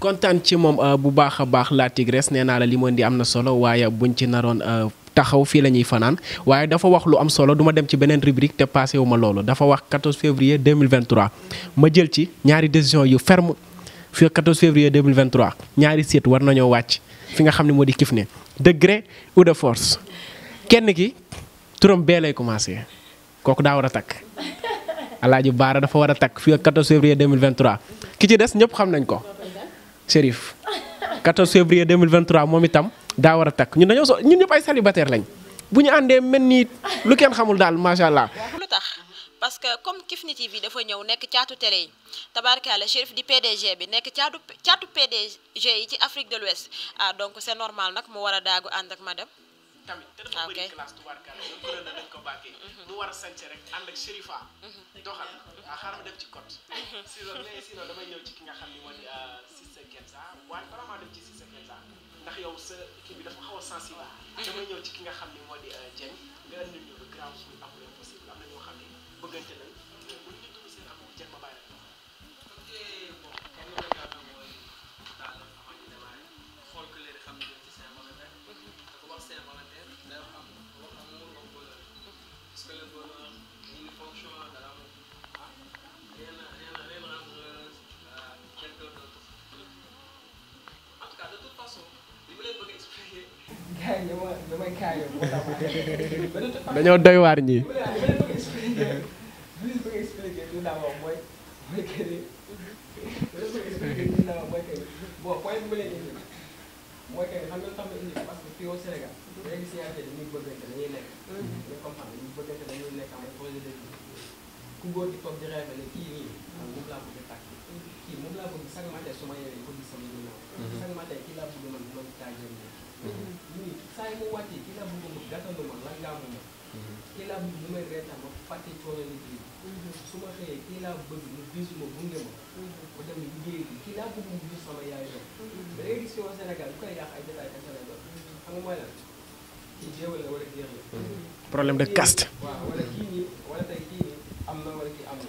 kontaan ci moom euh, bu baax a baax la nee naa la li moon am na solo waaye buñ ci naroon. Euh, taxaw fii la ñuy fanaan waaye dafa wax lu am solo du ma dem ci beneen rubrique te passé wu ma loolu dafa wax 14 février 2023 ma jël ci ñaari décision yu ferme fii 14 février 2023 ñaari seet war nañoo wàcc fi nga xam ne moo di kif ne de gré de force kenn ki turam bee lay commencé kooku daa war a takk Alaaji Baara dafa war a takk fii 14 février 2023 ki ci des ñëpp xam nañ ko Chérif 14 février moom itam. da wara a ñun dañu ñun ñep ay célibataire lañ bu ñu àndee mel lu kenn xamul ma sha allah. lutax parce que comme kifni TV dafa ñew nek caatu télé yi tabarkaale di PDG bi nek caatu caatu PDG yi ci Afrique de l'Ouest ah donc c'est normal nak mu wara a daagu ànd ak madame. tamit te dafa ah, bëri mhm. a ndax yow sa kii bi dafa xaw a sensible. damay ñëw ci ki nga xam ne moo di euh, Dieng nga indi ñu le grand suñu amul impossible am na ñoo xam ne bëggante nañ. dañoo doy waar ñii. mooy que xam nga tax a saa yi mu wàccee ci laa bëgg mu gàttandu ma lan ngaa mu ma ci laa bëgg mu may reetaan ma fàtte coono liggéey su ma xëyee ci laa bëgg mu bisu ma gunge ma ba dem liggéey bi ci laa bëgg mu bisu sama yaay doon da ngay gis yow Sénégal bu koy yàq ay détails ak Sénégal xam nga mooy lan kii jéewal la wala géex la problème de caste waaw wala kii nii wala tey kii nii am na wala kii amul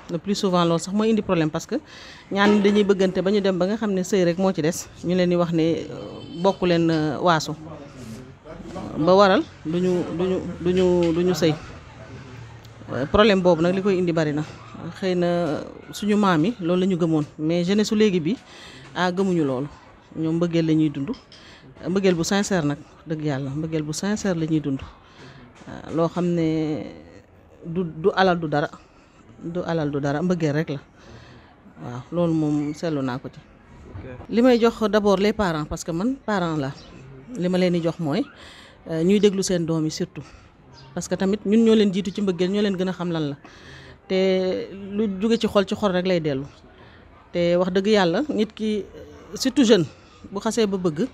le plus souvent lool sax moy indi problème parce que ñaan dañuy bëggante bañu dem ba nga xamné sey rek mo ci des ñu leen ni wax né euh, bokku leen euh, waasu ba waral duñu duñu duñu duñu sey euh, problème bobu nak likoy indi bari na xeyna suñu mami lool lañu gëmon mais jeunesse su bi ah gëmuñu lool ñom bëggel lañuy dund mbeugel bu sincère nak deug yalla mbeugel bu sincère lañuy dund lo xamné du du alal du dara du alal du dara mbëggeel rek la waaw loolu moom seetlu naa ko ci li may jox d'abord les parents parce que man parent la li ma leen di jox mooy euh, ñuy déglu seen doom yi surtout parce que tamit ñun ñoo leen jiitu ci mbëggeel ñoo leen gën a xam lan la te lu jóge ci xol ci xol rek lay dellu te wax dëgg yàlla nit ki surtout jeune bu xasee ba bëgg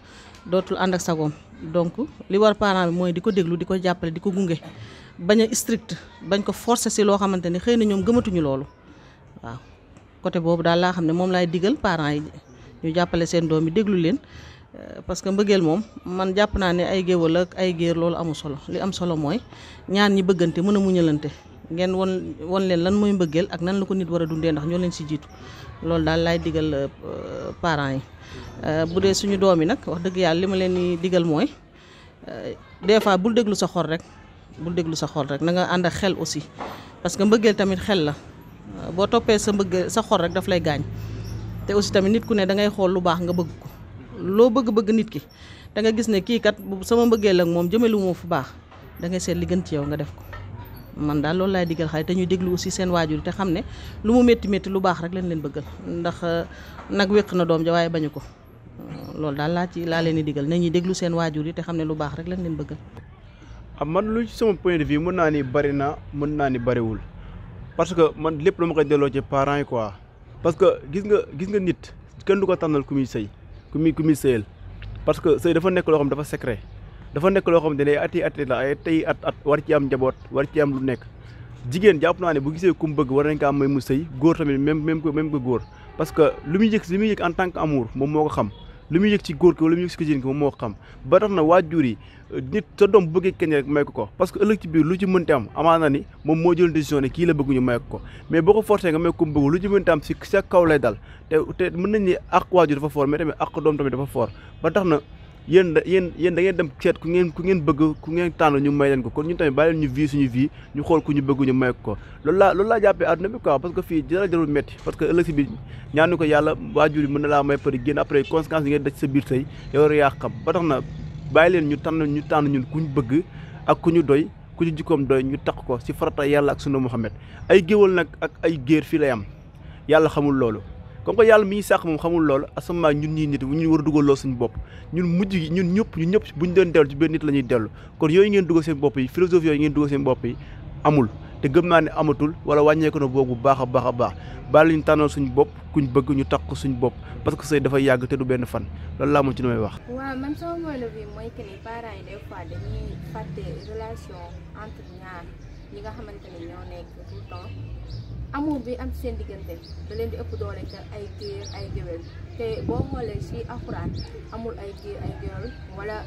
dootul ànd ak sagoom donc li war parent bi mooy di déglu di ko jàppale di gunge baña strict bañ ko forcer ci loo xamanteni xeyna xëy na ñoom gëmatuñu loolu waaw côté boobu da la xamne mom lay diggal parents yi ñu jappalé seen doom yi déglu leen euh, parce que mbeugël mom man japp na né ay gëwël ak ay gër lolu amu solo li am solo mooy ñaan ñi bëggante mëna mu muñalante ngeen won won leen lan moy mbeugël ak nan la ko nit wara dundé ndax ñoo leen ci jitu lolu da lay diggal euh, parents yi euh, bu dee suñu doom yi wax dëgg yàlla lima leen ni diggal mooy des fois bul déglu sa xor rek bul deglu sa xol rek na nga and ak xel aussi parce que mbeugël tamit xel la euh, bo topé sa mbeug sa xol rek daf lay gañ te aussi tamit nit ku né da ngay xol lu baax nga bëgg ko lo bëgg-bëgg nit ki da nga gis né ki kat sama mbeugël ak mom jëmelu mo fu baax da ngay sét li gën ci yow nga def ko man daal lay digal xay té ñuy déglu aussi seen wajur te xamné lu mu metti metti lu baax rek lañ leen bëggal ndax euh, nak wék na doom ja waye bañu ko euh, lol dal la ci la leen di digal ñuy déglu seen wajur yi te lu baax rek lañ leen bëggal Ah, man lu ci sama point de vue mën naa ni bari na mën naa ni bëriwul parce que man lépp dama koy delloo ci parents yi quoi parce que gis nga gis nga nit kenn du ko tànnal ku muy sëy ku muy ku muy sëyal parce que sëy dafa nekk loo xam dafa secret dafa nekk loo xam ne day ati ati la ay tey at at war ci am njaboot war ci am lu nekk jigéen jàpp naa ne bu gisee ku mu bëgg war nañ ko may mu sëy góor tamit même même que même que góor parce que lu muy yëg lu muy yëg en tant que amour moom moo ko xam lu muy yëg ci góor ki wala lu muy yëg ci jigéen ki moom moo xam ba tax na waajur yi nit sa doom bu bëggee kenn rek ko ko parce que ëllëg ci biir lu ci mënti am amaana ni moom moo jël décision ne kii la bëgg ñu may ko ko mais boo ko forcé nga may ko bëgg lu ci am si sa kaw lay dal te mën na ni ak waajur dafa fort mais tamit ak doom tamit dafa fort ba tax na yéen da yéen yéen da ngeen dem seet ku ngeen ku ngeen bëgg ku ngeen tànn ñu may leen ko kon ñu tamit bàyyi leen ñu vie suñu vie ñu xool ku ñu bëgg ñu may ko loolu laa loolu laa jàppee àdduna bi quoi parce que fii dara jarul métti parce que ëllëg si na laa may pari génn après conséquence yi ngeen daj sa biir tey yow yaa xam ba tax na bàyyi leen ñu tànn ñu tànn ñun ku ñu bëgg ak ku ñu doy ku ñu jikkoom doy ñu tax ko si farata yàlla ak sunu Muhammad ay géwal nag ak ay géer fii lay am yàlla xamul loolu comme que yàlla mi ngi sàq moom xamul lool asamaa ñun ñii nit ñu war a dugal loolu suñu bopp ñun mujj gi ñun ñëpp ñun ñëpp buñ doon dellu ci benn nit la ñuy dellu kon yooyu ngeen dugal seen bopp yi philosophie yooyu ngeen dugal seen bopp yi amul te gëm naa ni amatul wala wàññeeku na boobu baax a baax a baax bàyyi ñu tànnal suñu bopp kuñ bëgg ñu takk suñu bopp parce que sëy dafa yàgg te du benn fan loolu laa moom ci li may wax. waaw man sama mbooloo bi mooy que ni parents yi des amul bi am seen diggante da leen di ëpp doole ca ay géer ay géwél te boo xoolee ci alxuraan amul ay géer ay géwél wala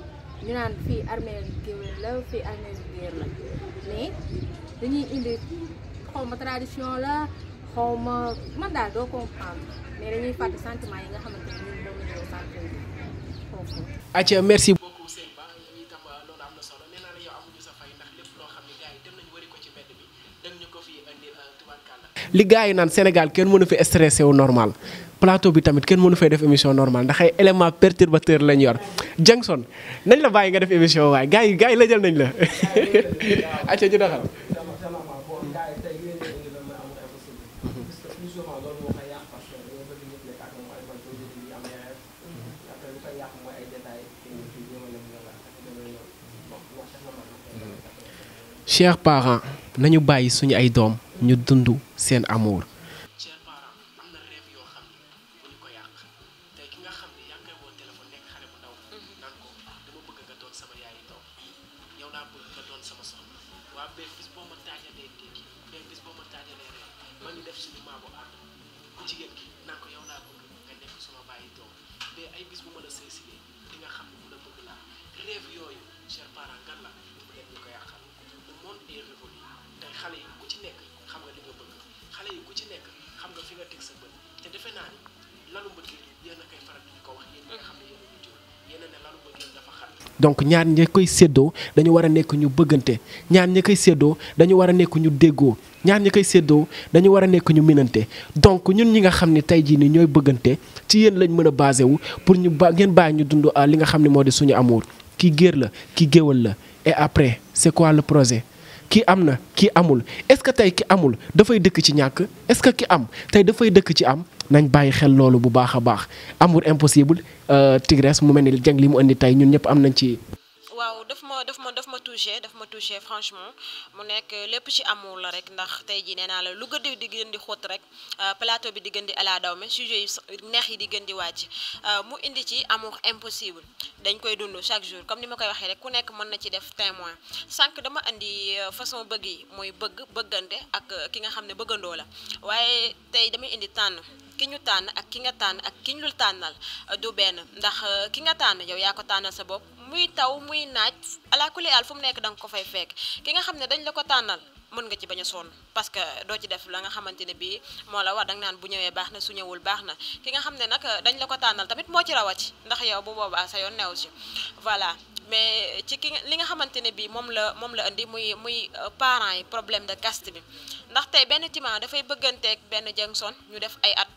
ñu naan fii armeel géwél la fii armée géer la mais dañuy indi xaw ma tradition la xaw ma man daal doo comprendre mais dañuy fàtte sentiment yi nga xamante ne ñun ñoo ngi sentir foofu. merci. li gars yi naan Sénégal kenn mënu fi stressé wu normal plateau bi tamit kenn mënu fay def émission normale ndax ay élément perturbateur lañ yor Jackson nañ la bàyyi nga def émission waaye gars yi gars yi la jël nañ la acca ñu doxal chers parents nañu bàyyi suñu ay doom ñu dund seen amour ñaar ña koy séddoo dañu war a nekk ñu bëggante ñaar ña koy séddoo dañu war a nekk ñu déggoo ñaar ñi koy séddoo dañu war a nekk ñu minante donc ñun ñi nga xam ne tey jii ni ñooy bëggante ci yéen lañ mën a basé wu pour ñu ba ngeen bàyyi ñu dund li nga xam ne moo di suñu amour kii géer la kii géwal la et après c'est quoi le projet kii am na kii amul est-ce que tey ki amul dafay dëkk ci ñàkk est-ce que ki am tey dafay dëkk ci am nañ bàyyi xel loolu bu baax a baax amour impossible euh, Tigresse mu mel ni jàng li mu indi tey ñun ñëpp am nañ ci waaw daf ma daf ma daf ma touché daf ma touché franchement mu nekk lépp ci amour la rek ndax tey jii nee naa la lu gën di gën di xóot rek euh, plateau bi di gën di ala daw me sujet yi neex yi di gën di wàcc euh, mu indi ci amour impossible dañ koy dund chaque jour comme ni ma koy waxee rek ku nekk mën na ci def témoin sànq dama indi euh, façon bëgg yi mooy bëgg bëggante ak ki nga xam ne bëggandoo la waaye tey damay indi tànn ki ñu tànn ak ki nga tànn ak ki ñu lu tànnal euh, du benn ndax euh, ki nga tànn yow yaa ko tànnal sa bopp muy taw muy naaj alaakulli àll fu mu nekk danga ko fay fekk ki nga xam ne dañ la ko tànnal. mën nga ci bañ a sonn parce que euh, doo ci def la nga xamante ne bii moo la war danga naan bu ñëwee baax na su ñëwul baax na ki nga xam ne nag dañ la ko tànnal tamit moo ci rawati ndax yow bu boobaa sa yoon neew si voilà mais ci ki li nga xamante ne bii moom la moom la indi muy muy euh, parents yi problème de caste bi ndax benn timan dafay bëgganteeg benn Jengson ñu def ay at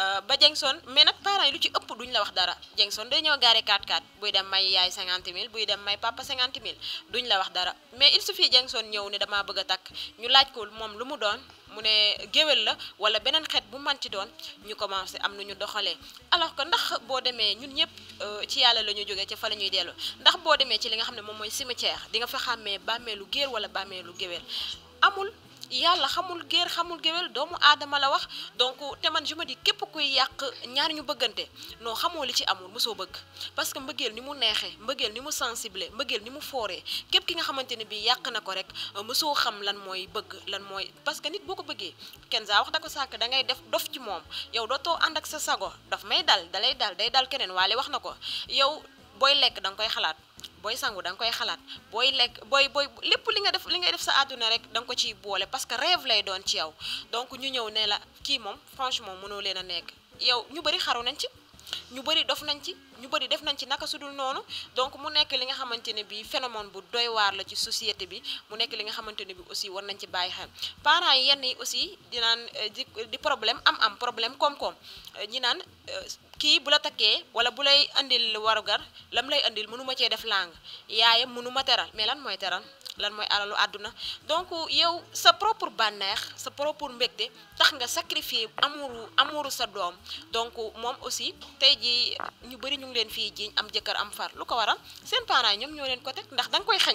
euh, ba Jengson mais nag parents yi lu ci ëpp duñ la wax dara Jengson day ñëw gaare 4-4 buy dem may yaay 50 mille buy dem may papa 50 000 duñ la wax dara mais il suffit Jengson ñëw ni damaa bëgg a takk ñu laaj ko moom lu mu doon. mu ne géwél la wala beneen xet bu man ci doon ñu commencé am nu ñu doxalee alors que ndax boo demee ñun ñëpp euh, ci yàlla la ñu jógee ca fa la ñuy dellu ndax boo demee ci li nga xam ne moom mooy cimetière di nga fa xàmmee bàmmeelu géer wala bàmmeelu géwél amul yàlla xamul géer xamul géwél doomu aadama la wax donc te man je me képp kuy yàq ñaar ñu bëggante noo xamoo li ci amul mosoo bëgg parce que mbëggeel ni mu neexee mbëggeel ni mu sensible mbëggeel ni mu fooree képp ki nga xamante ne bi yàq na ko rek mosoo xam lan mooy bëgg lan mooy parce que nit boo ko bëggee kenn saa wax da ko sàkk da ngay def dof ci moom yow dootoo ànd ak sa sago daf may dal dalay dal day dal keneen waale wax na ko yow booy lekk danga koy xalaat booy sangu da nga koy xalaat booy lekk booy booy lépp li nga def li ngay def sa àdduna rek danga ko ciy boole parce que rêve lay doon ci yow donc ñu ñëw nee la kii moom franchement mënoo leen a nekk yow ñu bëri xaru nañ ci ñu bëri dof nañ ci ñu bëri def nañ ci naka su dul noonu donc mu nekk li nga xamante ne bi phénomène bu doy waar la ci société bi mu nekk li nga xamante ne bi aussi war nañ ci bàyyi xel parents yi yenn yi aussi dinaan euh, di di problème am am problème koom-koom euh, ñi naan euh, kii bu la takkee wala bu lay andil warugar lam lay indil mënu ma cee def làng yaayam mënu ma teral mais lan mooy teral lan mooy alalu àdduna donc yow sa propre bànneex sa propre mbégte tax nga sacrifier amuru amuru sa doom donc moom ñu ngi leen fii jiiñ am jëkkër am ko waral seen parents yi ko teg ndax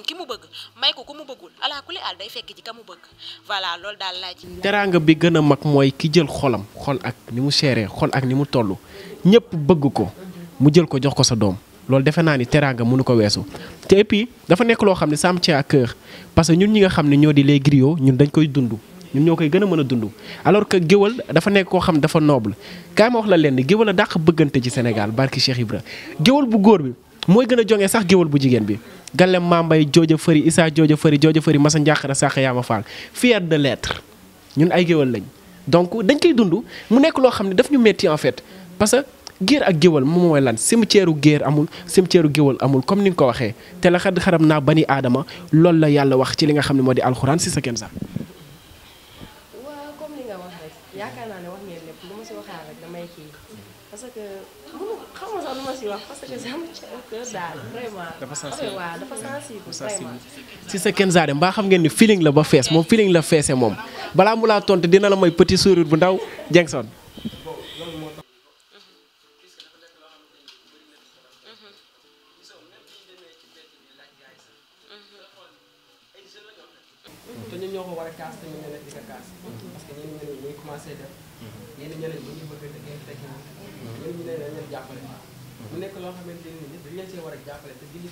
ki mu bëgg may ko ku mu bëggul ala kuli àll day fekk ji ka mu bëgg voilà loolu daal laaj teraanga bi gën a mag mooy ki jël xolam xol ak ni mu seeree xol ak ni mu toll ñëpp bëgg ko mu jël ko jox ko sa doom loolu defe naa ni teraanga mënu ko weesu te et dafa nekk loo xam ne sa me tient à cœur parce que ñun ñi nga xam ne ñoo di les ñun dañ koy dund ñun ñoo koy gën a mën a dund alors que géwal dafa nekk koo xam dafa noble kaay ma wax la lenn géwal a dàq bëggante ci Sénégal barki Cheikh Ibra géwal bu góor bi mooy gën a jongee sax géwal bu jigéen bi Gallem Mambay jooja fëri Issa jooja fëri jooja fëri Massa Ndiakhara Sakh Yaama Fall fier de l'être ñun ay géwal lañ donc dañ koy dund mu nekk loo xam ne dafa ñu metti en fait parce que géer ak géwal moom mooy lan cimetière u géer amul cimetière u géwal comme ni nga ko waxee te la xaram naa bani aadama loolu la yàlla wax ci li nga xam ne moo di alxuraan si sa kenn sax daal vraiment. dafa sensible waaw sa Kenzaade mbaa xam ngeen ni feeling la ba fees moom feeling la feese moom balaa mu laa tontu dina la may petit sourire bu ndaw Diengson. cee war a jàppale yi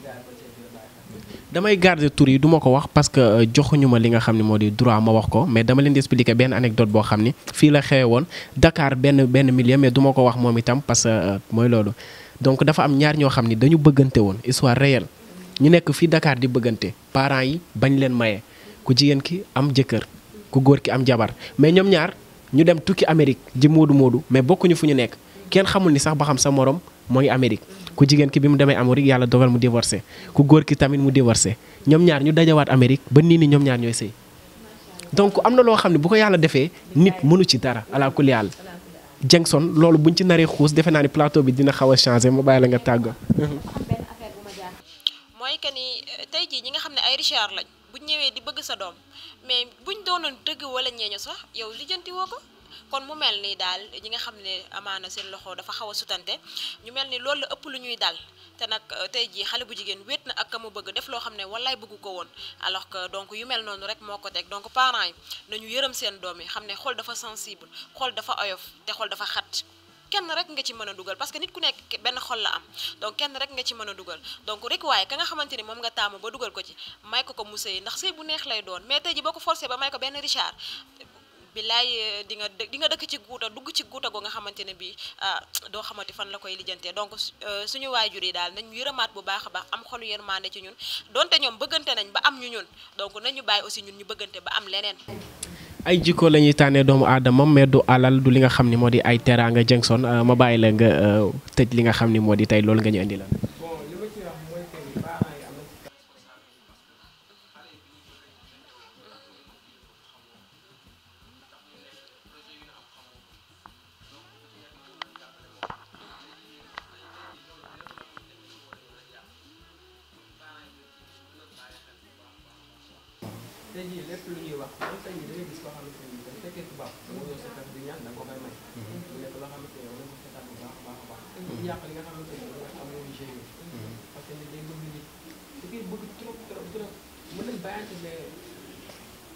ba damay garder tur yi du ko wax parce que euh, joxuñu ma li nga xam ne moo di droit ma wax ko mais dama leen di expliquer benn anecdote boo xam ni fii la xewe woon dakaar benn benn milieu mais duma ko wax moom itam parce que euh, mooy loolu donc dafa am ñaar ñoo xam ni dañu bëggante woon histoire réelle ñu nekk fii dakaar di bëggante parent yi bañ leen maye ku jigéen ki am jëkkër ku góor ki am jabar mais ñoom ñaar ñu dem tukki Amérique ji moodu moodu mais bokkuñu fu ñu nekk kenn xamul ni sax ba xam sa morom moo ngi Amérique ku jigéen ki bi mu demee Amérique yàlla dogal mu divorcé ku góor ki tamit mu divorcé ñoom ñaar ñu dajawaat Amérique ba nii ni ñoom ñaar ñooy sëy donc am na loo xam ne bu ko yàlla defee nit mënu ci dara ala kulli yàlla Jengson loolu buñ ci naree xuus defe naa ni plateau bi dina xaw a changé ma bàyyi la nga tàgg mais bu buñ doonoon dëgg wala ñeeño sax yow lijjanti woo ko kon mu mel ni daal ñi nga xam ne amaana seen loxo dafa xaw a sutante ñu mel ni loolu la ëpp lu ñuy dal te nag euh, tey jii xale bu jigéen wéet na ak mu bëgg def loo xam ne wallaay bëggu ko woon alors que donc yu mel noonu rek moo ko teg donc parents yi nañu yërëm seen doom yi xam ne xol dafa sensible xol dafa oyof te xol dafa xat kenn rek nga ci mën a dugal parce que nit ku nekk benn xol la am donc kenn rek nga ci mën a dugal donc rek waaye ka nga xamante ni moom nga taamu ba dugal ko ci may ko ko mu sëy ndax sëy bu neex lay doon mais tey ji boo ko forcé ba may ko benn Richard bilaay eh, di nga di nga dëkk ci guuta dugg ci guuta goo nga xamante ne bii ah, doo xamante fan la koy lijjantee donc eh, suñu waajur yi daal nañu yërëmaat bu baax a baax am xolu yërmande ci ñun donte ñoom bëggante nañ ba am ñu ñun donc nañu bàyyi aussi ñun ñu bëggante ba am leneen ay jikko la ñuy tànnee doomu aadama mais du alal du li nga xam ni moo di ay teraanga Dieng Son euh, ma bàyyi la nga euh, tëj li nga xam ni moo di tey loolu nga ñu indi la lii lépp lu ñuy wax man tey jii da ngay gis koo xamante ni dañ fekkee ku baax mu ñëw ko koy may mm-hmm. mu nekk ne war nañ ko seetaan bu baax a baax baax mm-hmm. nga xamante ni mooy am mooy génie mm-hmm. parce que nit day bëgg nit da koy bëgg trop trop trop mën nañ bàyyante mais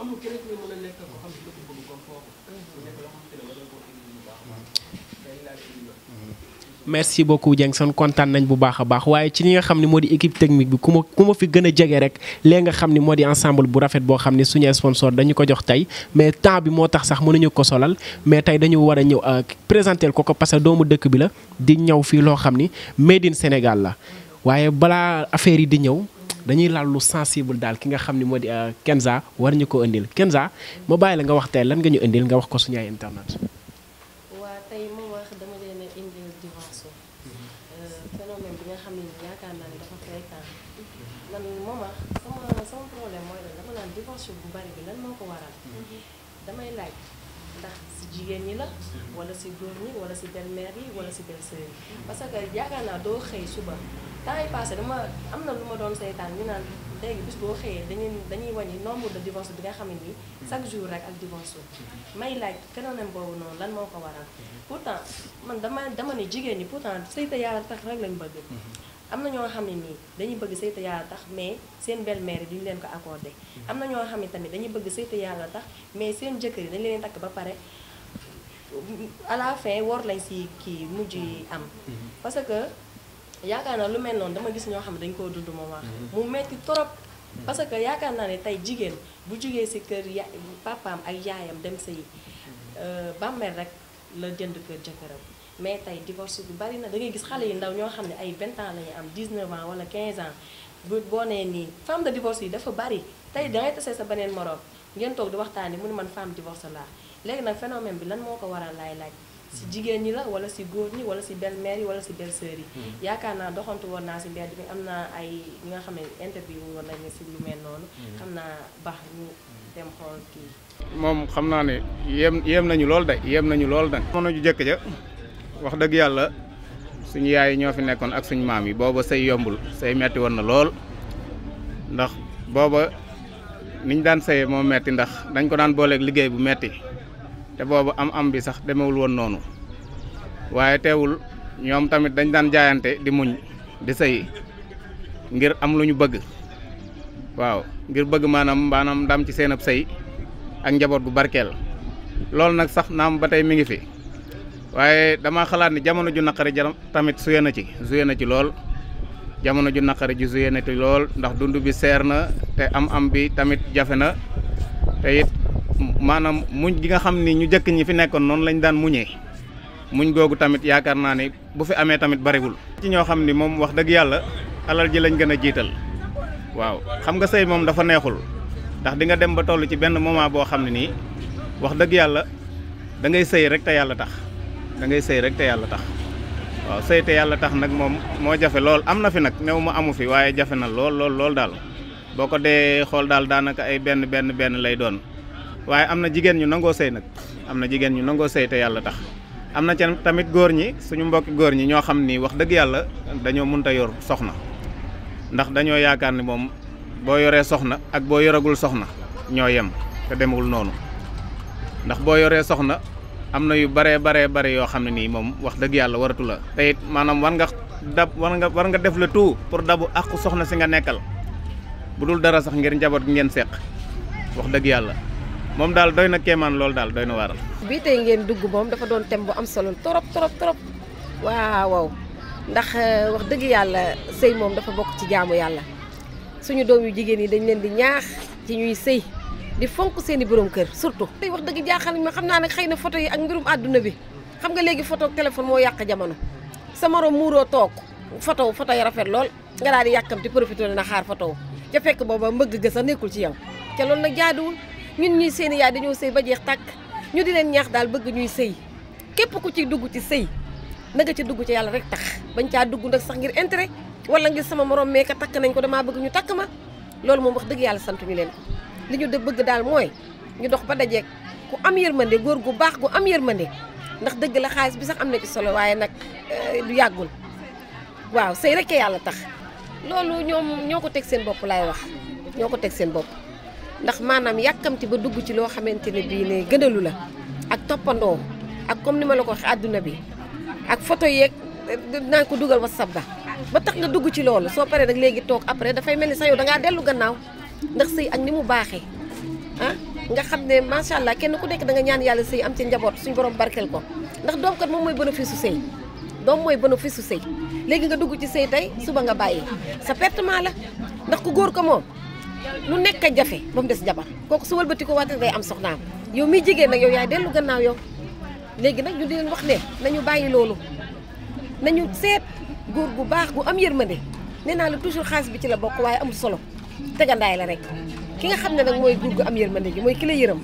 amul keneen ñu mën a nekk koo xam ne dëgg bëgg comme foofu mu nekk loo xamante ne war nañ koo indi bu baax a baax day laaj indi merci beaucoup Jackson. Sane bu baax ci équipe technique bi kuma fi rek nga ensemble bu rafet bo xamni sponsor dañu ko jox tay mais temps bi mo tax sax mënuñu ko solal mais tay dañu euh, présenter ko ko parce que doomu dëkk bi la di ñëw fi made in Sénégal la waye bala affaire yi di ñëw dañuy laal sensible dal ki nga euh, Kenza war ñu ko Kenza vous bayila nga wax une lan nga ñu nga wax ko internet. jigéen ñi la wala si góor ñi wala si belle-mère yi wala si belle-sœur yi parce que yaakaar naa doo xëy suba temps yi passé dama am na lu ma doon saytaan ñu naan léegi bis boo xëyee dañuy dañuy wàññi nombre de divorce bi nga xam ne chaque jour rek ak divorce may laaj phénomène boobu noonu lan moo ko waral pourtant man dama dama ne jigéen ñi pourtant sëy te yàlla tax rek lañ bëgg am na ñoo xam ne nii dañuy bëgg sëy te yàlla tax mais seen belle di duñu leen ko accordé am na ñoo xam ne tamit dañu bëgg sëy te yàlla tax mais seen jëkkër yi dañu leen takk ba pare à la fin war lay si kii mujj yi am. parce que yaakaar naa lu mel noonu dama gis ñoo xam ne dañu koo dund ma wax mhm. mu metti trop. Mhm. parce que yaakaar naa ne tey jigéen bu jugee si kër ya papaam ak yaayam dem sëyi mhm. euh, bàmmeel rek la jënd kër jëkkëram mais tey divorce bu bari na da gis xale yu ndaw ñoo xam ne ay 20 ans la ñu am 19 ans wala 15 ans bu boo nee nii femme de divorce yi dafa bari tey dangay tasee sa beneen moroom ngeen toog di waxtaan ni mu ne man femme divorce laa. léegi nag phénomène bi lan moo ko waral laay laaj si jigéen ñi la wala si góor ñi wala si belle-mère yi wala si belle-sœur yi hmm. yaakaar naa doxantu woon naa si mbedd mi am naa ay ñi nga xam ne interview woon nañu si hmm. naa moom ne yéem nañu lool de yéem nañu lool de mono ju jëkk ja dëgg yàlla suñu yaay ñoo fi nekkoon ak suñu maam yi booba say yombul say metti na lool ndax booba niñ daan sayee moo metti ndax dañ ko daan booleeg liggéey bu metti te boobu am-am bi sax demewul woon noonu waaye teewul ñoom tamit dañ daan jaayante di muñ di sëy ngir am lu ñu bëgg waaw ngir bëgg maanaam maanaam ndam ci seen ab sëy ak njaboot gu barkeel loolu nag sax naam ba tey mi ngi fi waaye dama xalaat ni jamono ju naqari ja tamit suyee na ci suyee na ci lool jamono ju naqari ji suyee na ci lool ndax dund bi seer na te am-am bi tamit jafe na te manam muñ gi nga xamni ñu jëk ñi fi nekkon non lañ daan muñé muñ gogu tamit yaakar na ni bu fi amé tamit wul ci ño xamni mom wax dëgg yalla alal ji lañ gëna jital waaw xam nga sey mom dafa neexul ndax di nga dem ba tollu ci benn moment bo xamni ni wax dëgg yalla da ngay sey rek ta yalla tax da ngay sey rek ta yalla tax waaw sey te yalla tax nag mom mo jafé lool amna fi nak new amu fi waye jafé na lool lool lool dal boko ko xol dal danaka ay benn benn benn lay doon waye amna jigen ñu nango sey nak Amna jigen ñu nango sey te yalla tax amna ci tamit goor ñi suñu mbokk goor ñi ño xamni wax deug yalla dañoo munta yor soxna ndax dañoo yaakaar ni mom bo yoré soxna ak bo yoragul soxna ño yem te demul nonu ndax bo yoré soxna amna yu bare bare bare yo xamni ni mom wax deug yalla waratu la te it maanaam war nga dab war nga war nga def le tout pour dabu ak soxna si nga nekkal budul dara sax ngir njabot ngeen sekk wax deug yalla moom daal doy na kéemaan loolu daal doy na waaral. bii tey ngeen dugg moom dafa doon thème bu am solo trop trop trop waaw ndax euh, wax dëgg yàlla sëy moom dafa bokk ci jaamu yàlla suñu doom yu jigéen yi dañ leen di ñaax ci ñuy sëy di fonk seeni borom kër surtout. tey wax dëgg jaaxal ma xam naa nag xëy na foto yi ak mbirum àdduna bi xam nga léegi photo ak moo yàq jamono sa morom muuroo toog foto photo yi rafet lool nga daal di yàkkamti profité na xaar photo ca fekk booba mbëgg ga sax nekkul ci yow ñun ñuy seen yaay dañoo sëy ba jeex tàkk ñu di leen ñaax daal bëgg ñuy sëy képp ku ci dugg ci sëy na nga ci dugg ci yàlla rek tax bañ caa dugg nag sax ngir intérêt wala ngir sama morom meeka takk nañ ko damaa bëgg ñu takk ma loolu moom wax dëgg yàlla sant ñu leen li ñu de bëgg daal mooy ñu dox ba dajeeg ku am yërmande góor gu baax gu am yërmande ndax dëgg la xaalis bi sax am na ci solo waaye nag euh, du yàggul waaw sëy rek yàlla tax loolu ñoom ñoo ko teg seen bopp laay wax ñoo ko teg seen bopp ndax maanaam yàkkamti ba dugg ci loo xamante ne bii ne gënalu la ak toppandoo ak comme ni ma la ko waxee àdduna bi ak foto yeeg naa ko dugal whatsapp ba ba tax nga dugg ci loolu soo paree nag léegi toog après dafay mel ni sax yow da ngaa dellu gannaaw ndax sëy ak ni mu baaxee ah nga xam ne macha allah kenn ku nekk da nga ñaan yàlla sëy am ci njaboot suñu borom barkeel ko ndax doom kat moom mooy bénéfice su sëy doom mooy bénéfice su sëy léegi nga dugg ci sëy tey suba nga bàyyi sa pertement la ndax góor ko moom. lu nekk a jafe ba mu des jabar kooku su wëlbati ko waate day am soxnaam yow miy jigéen nag yow yaay dellu gannaaw yow léegi nag ñu di leen wax ne nañu bàyyi loolu nañu seet góor gu baax gu am yërmande nee naa la toujours xaalis bi ci la bokk waaye amul solo tegandaay la rek ki nga xam ne nag mooy góor gu am yërmande gi mooy ki la yërëm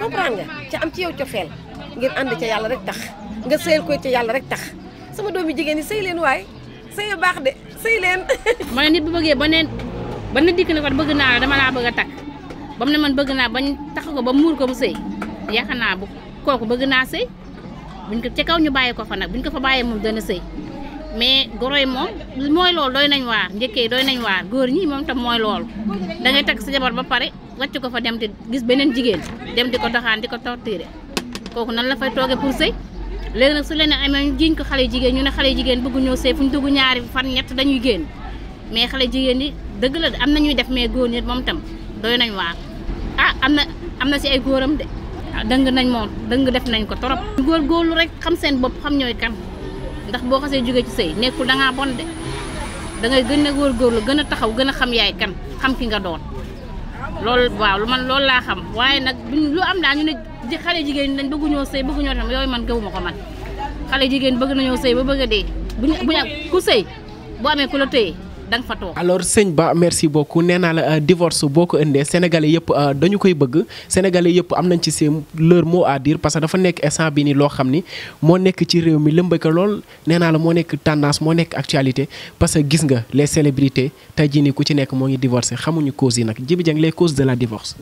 comprendre nga ca am ci yow cofeel ngir ànd ca yàlla rek tax nga sëyal koy ca yàlla rek tax sama doomi jigéen yi sëy leen waaye sëy baax de sëy leen. ma nit bu bëggee beneen ba na dikk ne ko bëgg naa la dama laa bëgg a takk ba mu ne man bëgg naa bañ takk ko ba muur ko mu sëy yaakaar naa bu kooku bëgg naa sëy buñ ko ca kaw ñu bàyyi ko fa nag buñ ko fa bàyyee moom dana sëy mais goro yi moom mooy loolu doy nañ waar njëkkee yi doy nañ góor ñi moom tam mooy loolu da ngay takk sa ba pare wàcc ko fa dem di gis beneen jigéen dem di ko doxaan di ko torturer kooku nan la fay tooge pour sëy léegi nag su leen amee jiñ ko xale jigéen ñu ne xale jigéen bëgg ñoo sëy fu ñu dugg ñaari fan ñett dañuy génn mais xale jigéen yi dëgg la am na ñuy def mais góor ñi moom tam doy nañ waar ah am na am na si ay góoram de ah, dëng nañ moom dëng def nañ ko trop. góor góorlu rek xam seen bopp xam ñooy kan ndax boo xasee jógee ci sëy nekkul da bon de da ngay gën a góor góorlu gën a taxaw gën a xam yaay kan xam ki nga doon loolu waaw lu man loolu laa xam waaye nag lu am daa ñu ne xale jigéen ñi dañ bëgguñoo sëy bëgguñoo tam yooyu man gëwuma ko man xale jigéen bëgg nañoo sëy ba bëgg a dee bu ñu ku sëy boo amee ku la tëye fa alors Seigne Ba merci beaucoup nee la euh, divorce beaucoup indé. indee sénégalais yëpp euh, dañu koy bëgg sénégalais yëpp am nañ ci seen leur mot à dire parce que dafa nekk instant bi nii Mon xam ni au milieu ci réew mi lëmbe ko lool nee la tendance mon nek actualité parce que gis nga les célébrités tey jii nii ku ci nekk moo ngi divorcé xamuñu causes yi nag Djiby les causes de la divorce.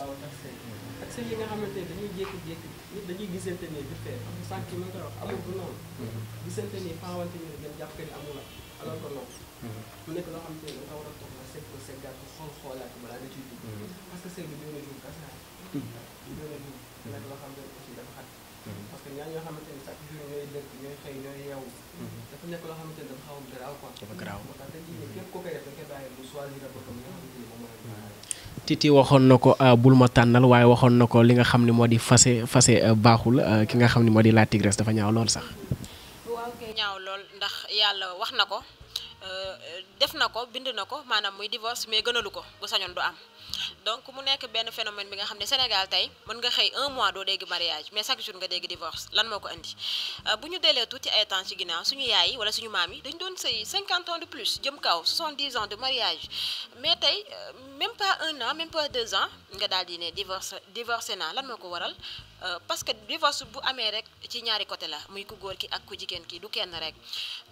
gaaw a taxé ak seen yi nga xamante ne dañuy jékki-jékki nit dañuy gisante ne vite fait am sànq yi mën ko wax amul bu noonu gisante ne faawante ne dem jàpp que ni amul la alors que non mu nekk loo xamante ne da nga war a toog la seet ko seggaat ko xool xoolaat balaa nga ciy dugg parce que seet bi doon a juum kasaar doon a juum nag loo xam ne aussi dafa xat parce que ñaan ñoo xamante ne chaque jour ñooy dëkk ñooy xëy ñooy yeewu dafa nekk loo xamante ne dafa xaw a garaaw quoi dafa garaaw moo tax dañ ciy képp ko koy def da koy bàyyi mu choisir boppam nga xamante ne moom mooy Titi waxoon na ko euh, bul ma tànnal waaye waxoon na ko li nga xam ne moo di fase fase euh, baaxul euh, ki nga xam ne moo di la tigresse dafa ñaaw lool sax. waaw kay ñaaw lool ndax yàlla wax na ko def na ko bind na ko maanaam muy divorce mais gënalu ko bu sañoon du am. donc mu nekk benn phénomène bi nga xam ne Sénégal tey mën nga xëy un mois doo dégg mariage mais chaque jour nga dégg divorce lan moo ko indi euh, bu ñu deelee tuuti ay temps ci ginnaaw suñu yaay yi wala suñu maam yi dañ doon sëy 50 ans de plus jëm kaw 70 ans de mariage mais tey euh, même pas un an même pas deux ans nga daal di ne divorce divorcé naa lan moo ko waral Euh, parce que divorce bu amee rek ci ñaari côté la muy ku góor ki ak ku jigéen ki du kenn rek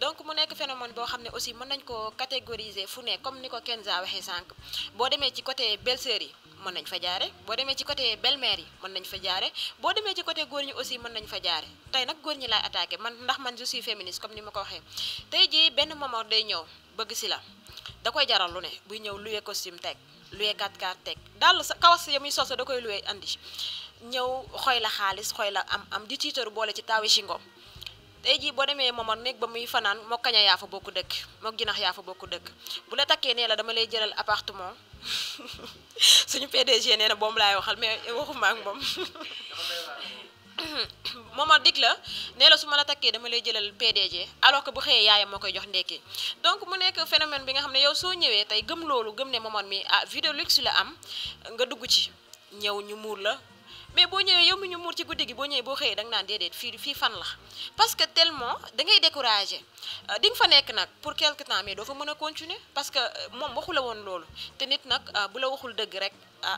donc mu nekk phénomène boo xam ne aussi mën nañ ko catégoriser fu ne comme ni ko Kenza waxee sànq boo demee ci côté belle-sœur yi mën nañ fa jaare boo demee ci côté belle yi mën nañ fa jaare boo demee ci côté góor ñi aussi mën nañ fa jaare tey nag góor ñi laay attaqué man ndax man je suis comme ni ma ko waxee tey jii benn moment day ñëw bëgg si la da koy jaral lu ne buy ñëw loué costume teg lu 4 4 teg daal sa kawas ya muy sol da koy loué andi ñëw xooy la xaalis xooy la am am di tiitaru boole ci taawi si ngoom tey jii boo demee moomam néeg ba muy fanaan moo kaña yaa fa bokk dëkk moo ginax yaa fa bokku dëkk bu la takkee nee la dama lay jëlal appartement suñu PDG nee na boom laay waxal mais waxuma ak moom mooma dig la nee la su ma la takkee dama lay jëlal PDG alors que bu xëyee yaayam moo koy jox ndekki donc mu nekk phénomène bi nga xam ne yow soo ñëwee tey gëm loolu gëm ne moomam mi ah vidéo luxe la am nga dugg ci ñëw ñu muur la mais boo ñëwee yow mi ñu muur ci guddi gi boo ñëwee boo xëyee da naan déedéet fii fii fan la parce que tellement da ngay découragé euh, di nga fa nekk nag pour quelque temps mais doo fa mën a continuer parce que euh, moom waxu la woon loolu te nit nag euh, bu la waxul dëgg rek ah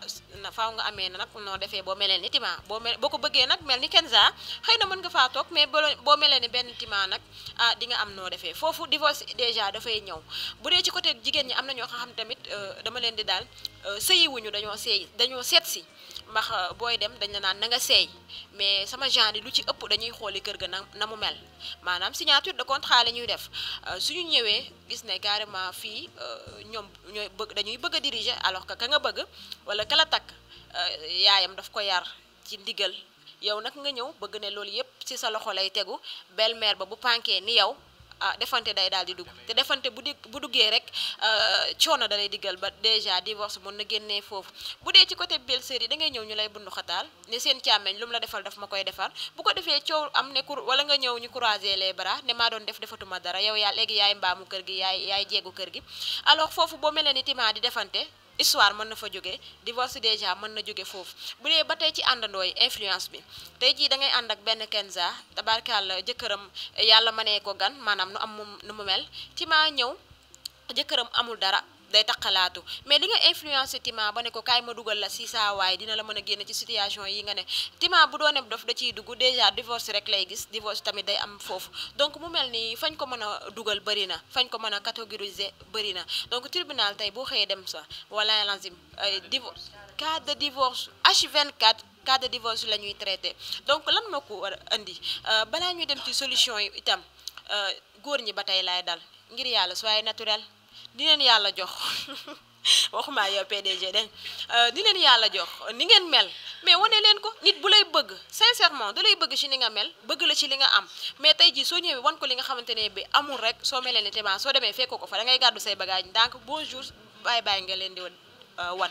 faaw nga amee nag noo defee boo melee ni Tima boo mel boo ko bëggee nag mel ni Kenza xëy na mën nga faa toog mais boo melee ni benn Tima nag ah di nga am noo defee foofu divorce déjà dafay ñëw bu dee ci côté jigéen ñi am na ñoo xam tamit dama leen di daal Euh, sëyiwuñu dañoo seey dañoo seet si ndax euh, booy dem dañ la naan na nga seey mais sama genre yi lu ci ëpp dañuy xooli kër ga na na mu mel maanaam signature de contrat la ñuy def euh, ñu ñëwee gis ne carrément fii ñoom ñooy bëgg dañuy bëgg a diriger alors que ka nga bëgg wala ka la takk yaayam daf ko yar ci ndigal yow nag nga ñëw bëgg ne loolu yépp ci sa loxo lay tegu belle-mère ba bu pànkee ni yow ah defante day daal di dugg te defante bu di bu duggee rek euh, coono da lay diggal ba dèjà divorce mën na génnee foofu bu dee ci côté belle-sœur yi da ñëw ñu lay bundu xataal ne seen càmmeñ lu mu la defal daf ma koy defar bu ko defee coow am ne kur wala nga ñëw ñu croiser les bras ne maa doon def defatuma dara yow yaa léegi yaay mbaamu kër gi yaay yaay jeegu kër gi alors foofu boo mel ni timaa di defante histoire mën na fa jóge divorce déjà mën na jóge foofu bu dee ba tey ci àndandooy yi influence bi tey jii dangay ànd ak benn Kenza tabarkalla jëkkëram yàlla ma mënee ko gan maanaam nu am mu nu mu mel ci ma ñëw jëkkëram amul dara day taqalaatu mais di nga influencé Tima ba ne ko kaay ma dugal la si saa waay dina la mën a génn ci situation yi nga ne Tima bu doone dof da ciy dugg déjà divorce rek lay gis divorce tamit day am foofu donc mu mel ni fañ ko mën a dugal bëri na fañ ko mën a catégoriser bëri na donc tribunal tey boo xëyee dem sa wala lazim divorce cas de divorce h vingt quatre de divorce la ñuy traité donc lan moo ko war a indi euh, balaa ñuy dem ci solution yi itam euh, góor ñi ba tey laay dal ngir yàlla sooy naturel di leen yàlla jox waxuma yow PDG de euh, di leen yàlla jox ni ngeen mel mais wane leen ko nit bu lay bëgg sincèrement da lay bëgg ci li nga mel bëgg la ci li nga am mais tey jii soo ñëwee wan ko li nga xamante ne bi amul rek soo melee ni tamit soo demee fekk ko fa da ngay gàddu say bagage donc bonjour bye bye nga leen di euh, wan.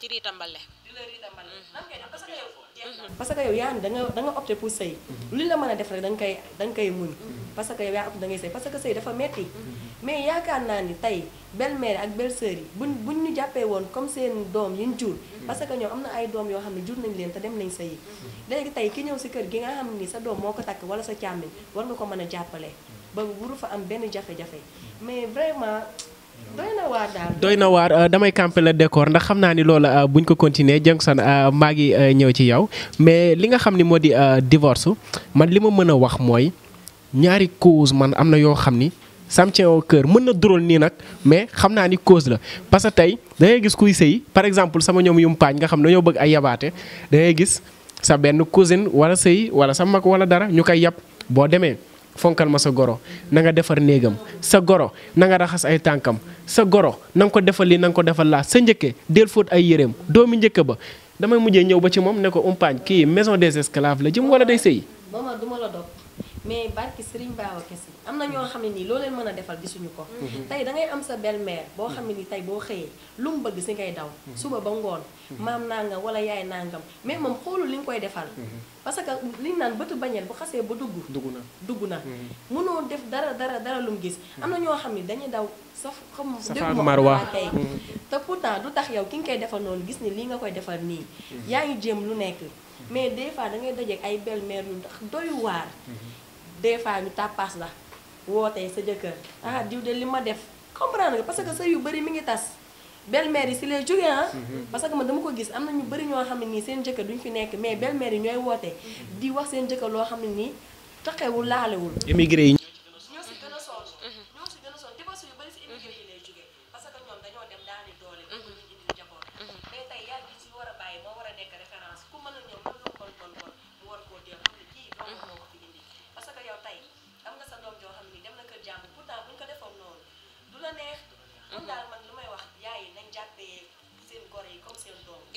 ci riitambale mm-hmm. parce que yow yaa ngi da nga da nga opté pour sëy mm-hmm. lu la mën a def rek da nga koy da nga muñ mm-hmm. parce que yaa opté da ngay sëy parce que sëy dafa metti mais yaakaar naa ni tey belle-mère ak belle-sœur yi bu buñ ñu jàppee woon comme seen doom yi ñu jur parce que ñoom am na ay doom yoo xam ne jur nañ leen te dem nañ sëyi léegi tey ki ñëw si kër gi nga xam ni sa doom moo ko takk wala sa càmmiñ war nga ko mën a jàppale ba wuru fa am benn jafe-jafe mais vraiment doy na waar doy na waar euh, damay camper le décor ndax xam naa ni loola euh, buñ ko continuer Diengson euh, maa ngi ñëw ci yow mais li nga xam ni moo di divorce man li ma mën a wax mooy ñaari cause man am na yoo xam ni ça me tient mën na dural nii nag mais xam naa ni cause la parce que tey da ngay gis kuy sëy par exemple sama ñoom yum paañ nga xam ne dañoo bëgg ay yabaate da ngay gis sa benn cousine wala sëy wala sa mag wala dara ñu koy yab boo demee. fonkal ma sa goro na nga defar néegam sa goro na nga raxas ay tànkam sa goro na nga ko defal li nanga ko defal laa sa njëkke del fóot ay yéreem doomi njëkk ba damay mujjee ñëw ba ci moom ne ko umpaañ kii maison des esclaves la jëm wala day sëy mais barki Serigne Baawa kese am na ñoo xam ne nii loo leen mën a defal gisuñu ko. Mm-hmm. Mm-hmm. tey da am sa belle-mère boo xam ne nii tey boo xëyee lu mu bëgg si ngay daw. Mm-hmm. suba ba ngoon. maam naa nangam wala yaay nangam mais moom xoolu li nga koy defal. parce que liñ naan bëtu bañeel bu xasee ba dugg. dugg na dugg na. mënoo def dara dara dara lu gis. am na ñoo xam ne dañuy daw saf xam. safaanu marwa tey te pourtant du tax yow ki nga koy defal noonu gis ni lii nga koy defal nii. yaa ngi jéem lu nekk mais des fois da ngay dajeeg ay belle-mère yu tax doy des fois ñu tàppaas la wootee sa jëkkër ah mhm. diw de li ma def comprendre nga parce que sëy yu bëri mi ngi tas belle-mère yi si lay jógee ah mhm. parce que man dama ko gis am na ñu bëri ñoo xam ne nii seen jëkkër duñ fi nekk mais belle-mère yi ñooy wootee mhm. di wax seen jëkkër loo xam ne nii taxewul laalewul émigré yi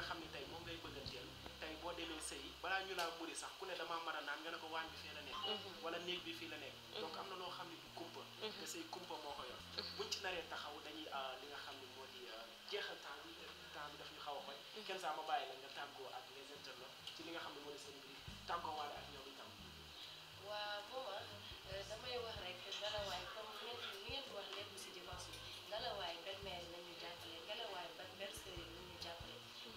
nga xam ni tey moom ngay bëgganteel tey boo demee sëy balaa ñu laa muri sax ku ne damaa mën naan nga ne ko waañ bi fii la nekk mhm. wala néeg mhm. na loo xam ne du kumpa mhm. te say kumpa moo ko yor buñ ah, li nga xam ne moo di ah, jeexal temps bi temps bi daf ñu xaw a xoj kenn saa ma bàyyi la nga tàggoo ak ci li nga xam ne moo di seen mbir tàggoo waale ak ñoom itam waaw mooma euh, damay wax rek ngelawaay comme ngeen li ngeen wax lépp si dépense bi ngelawaay permettre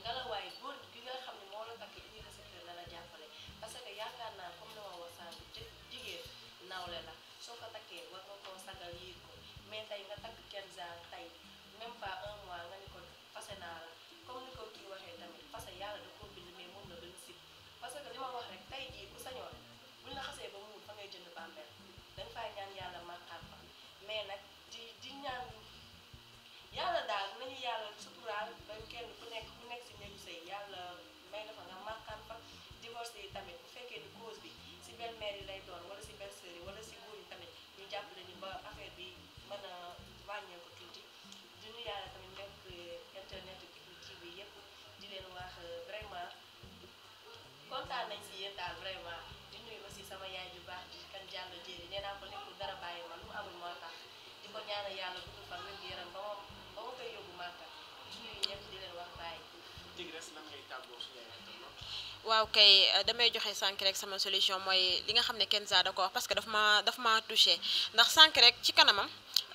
nga la waaye góor gi nga xam ne moo la takk indi la sa na la jàppale parce que yaakaar naa comme la ma wax jigéen nawle la soo ko takkee war nga koo sagal yéeg ko mais tey nga takk kenn genre tey même pas un mois nga ne ko fase naa la comme ni ko kii waxee tamit fase yàlla da koo bind mais moom la gën si parce que li ma wax rek tey jii bu sañoon buñ la xasee ba mu fa ngay jënd bàmmeel dañ fay ñaan yàlla màqaat fa mais nag di di ñaan yàlla daal nañu yàlla may na fa nga màkkaan fa divorce yi tamit bu fekkee ni cause bi si belle-mère yi lay doon wala si belle-sœur yi wala si góor tamit ñu jàppale ni ba affaire bi mën a wàññeeku tuuti di ñu yàlla tamit nekk internet kii bi yëpp di leen wax euh, vraiment kontaan nañ si yéen daal vraiment di nuyu sama yaay ju baax di kan jàll jéeri nee naa ko nekkul dara bàyyi ma lu amul moo tax di ko ñaanal yàlla gudd fan wér-gu-yaram ba moom Wow, kay euh, damay joxe sank rek sama solution moy li nga xam ne Kenza da ko wax parce que daf ma daf ma touché ndax sank rek ci kanamam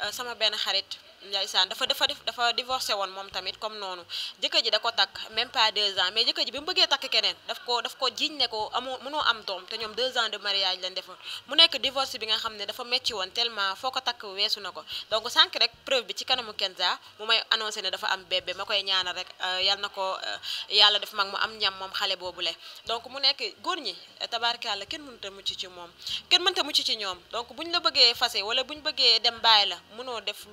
euh, sama ben xarit ndeysaan dafa dafa dafa divorcé woon moom tamit comme noonu jëkkër ji da ko takk même pas deux ans mais jëkkër ji bi mu bëggee takk keneen daf ko daf ko jiiñ ne ko amoo mënoo am doom te ñoom deux ans de mariage lañ defoon mu nekk divorce bi nga xam ne dafa metti woon tellement foo ko takk weesu na ko donc sànq rek preuve bi ci kanamu Kenza mu may annoncé ne dafa am bébé ma koy ñaanal rek euh, yal na ko euh, yàlla def mag mu am ñam moom xale boobule donc mu nekk góor ñi tabaarkalla kenn mënta mucc ci moom kenn mënta mucc ci ñoom donc buñ la bëggee fase wala buñ bëggee dem bàyyi la mënoo def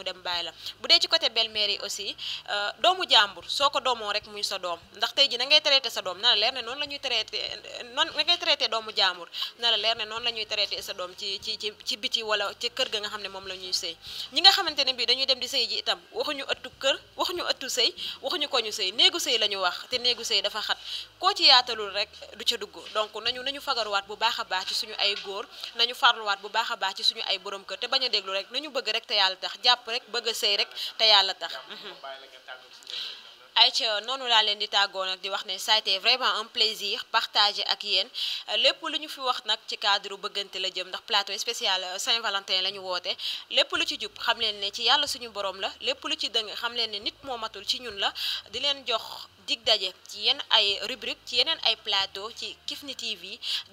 ñu dem bàyyi la bu dee ci côté belle-mère yi aussi euh, doomu jàmbur soo ko doomoo rek muy sa doom ndax tey ji na ngay traité sa doom na la leer ne noonu la ñuy traité noonu na na la leer ne la ñuy traité sa doom ci ci ci ci biti wala ci kër ga nga xam ne moom la ñuy sëy ñi nga xamante ne bii dañuy dem di sëy ji itam waxuñu ëttu kër waxuñu ëttu sëy waxuñu ko ñu sëy néegu sëy la ñu wax te néegu sëy dafa xat koo ci yaatalul rek du ca dugg donc nañu nañu fagaruwaat bu baax a baax ci suñu ay góor bu baax a baax ci suñu ay borom kër te a déglu rek nañu bëgg rek te yàlla tax jàpp rek bëgg sey rek te yalla tax mhm. ayca noonu la len di tàggoo nak di wax né ça a été vraiment un plaisir partager ak yene lepp luñu fi wax nak ci cadre bëggante la jëm ndax plateau spécial euh, Saint-Valentin lañu woté lepp lu ci jup xam leen ne ci yalla suñu borom la lepp lu ci dëng xam leen ne nit moo matul ci ñun la di leen jox dig daje ci yenn ay rubrique ci yeneen ay plateau ci Kifne TV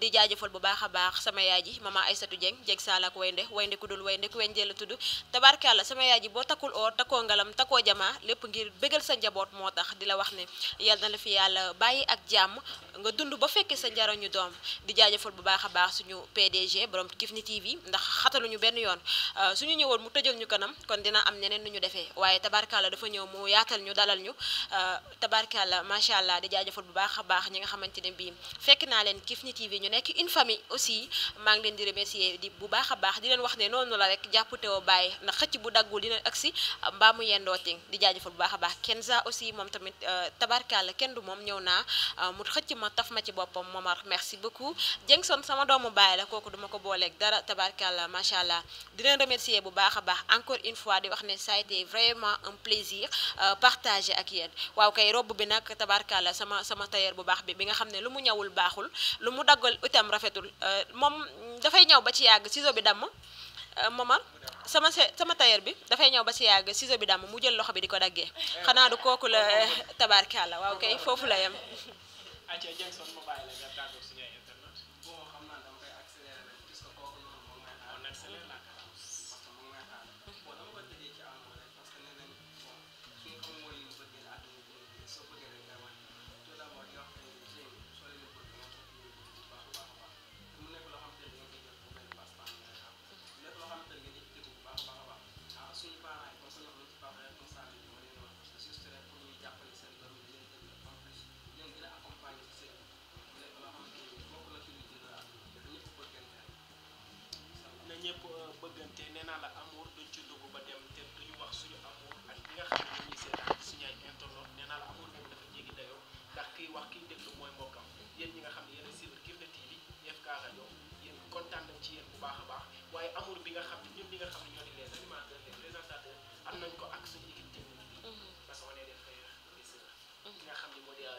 di jaajëfal bu baax a baax sama yaay ji maman Aysatu Dieng jeg saalak waynde waynde ku dul waynde ku wendee la tudd tabarkàlla sama yaay ji boo takkul oor takkoo ngalam takkoo jamaa lépp ngir bégal sa njaboot moo tax di la wax ne yal na la fi yàlla bàyyi ak jàmm nga dund ba fekkee sa njariñu doom di jaajëfal bu baax a baax suñu PDG borom Kifne TV ndax xataluñu benn yoon euh, suñu ñëwoon mu tëjal ñu kanam kon dina am ñeneen nu ñu defee waaye tabarkàlla dafa ñëw mu yaatal ñu dalal ñu euh, tabarkàlla allah macha allah di jaajëfal bu baax a baax ñi nga xamante ne fekk na len kifni TV ñu nek une famille aussi ma ngi len di remercier di bu baax a baax di len wax ne nonu la rek jàpp teewoo bàyyi na xëcc bu daggul dina aksi mbaa mu yendooti di jaajëfal bu baax a baax Kenza aussi mom tamit euh, tabarkaal ken du mom ñewna naa euh, mu xëcc ma taf ma ci bopam Momar merci beaucoup Jeng Son sama doomu bàyyi la koku duma ko booleeg dara tabarkaal macha allah di len remercier bu baax a baax encore une fois di wax ne ça a été vraiment un plaisir euh, partager ak yéen waaw kay robb nag tabarkalla sama sama tailleur bu baax bi bi nga xam ne lu mu ñawul baaxul lu mu daggal itam rafetul euh, moom dafay ñaw ba ci yàgg ciseau bi damm euh, Momar sama se sama tailleur bi dafay ñëw ba si yàgg ciseau bi dàmm mu jël loxo bi di ko daggee xanaa du kooku la euh, tabarkalla waaw kay foofu la yem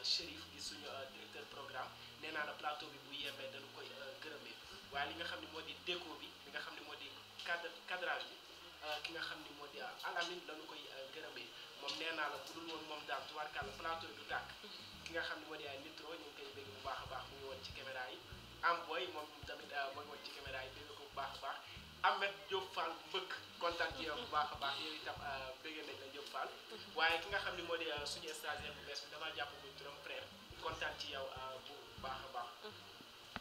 Chérif di suñu euh, directeur programme nee naa la plateau bi bu yembee dañu koy euh, gërëmee waaye li nga xam ne moo di déco bi li nga xam ne moo di cadre cadrage bi euh, ki nga xam ne moo di Alamine dañu koy gërëmee moom nee naa la bu dul woon moom daal tubaarkàlla plateau bi tàkk ki nga xam ne moo di Nitro ñu koy bëgg bu baax a baax mu ngi woon ci caméra yi am booy moom tamit mu ngi woon ci caméra yi bëgg ko bu baax a baax Ahmed Diop Fall mbëkk kontaan ci yow bu baax a baax yooyu itam bëggee nañ la Diop Fall waaye ki nga xam ne moo di euh, suñu stagiaire bu bees bi damaa jàpp muy turam frère kontaan ci yow euh, bu baax a baax mm-hmm.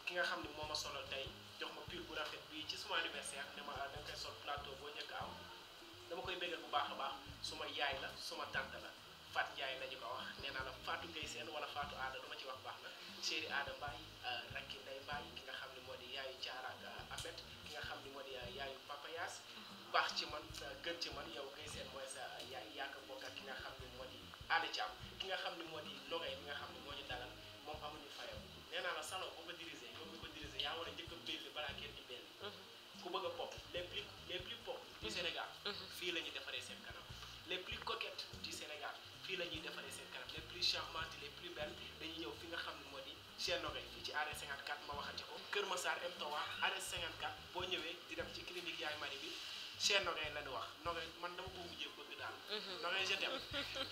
ki nga xam ne moo ma solo tey jox ma pile bu rafet bi ci suma anniversaire ne ma euh, da koy sol plateau boo njëkk am dama koy bëggal bu baax a baax suma yaay la suma tante la Fatou Ndiaye lañu ko wax nee naa la Fatou Gueye seen wala fatu Aada lu ma ci wax baax na chéri Aada Mbaye rakki Ndeye Mbaye ki nga xam ne moo di yaayu Diarra ak Ahmed ki nga xam ne moo di yaayu Papa mm-hmm. baax ci man gën ci man yow nga xam ne moo di Ada Thiam ki nga xam ne moo di Logay bi nga xam ne moo ñu dalal moom amuñu fayam nee naa la ko diriger yow ko diriger yaa war a njëkk a béy balaa kenn di benn mhm. ku bëgg pop les plus les plus pop du mhm. Sénégal mhm. fii la ñuy defaree seen kanam les plus coquettes du Sénégal fii la ñuy defaree seen kanam les plus charmantes les plus belles dañuy ñëw fi nga xam ne moo di chez Logay fii ci arrêt 54 ma waxati ko Kër Massar M3 arrêt 54 boo ñëwee di dem ci clinique Yaay bi chez Nogay la di wax Nogay man dama ko mujjee bëgg daal. Mhm. Nogay je t'aime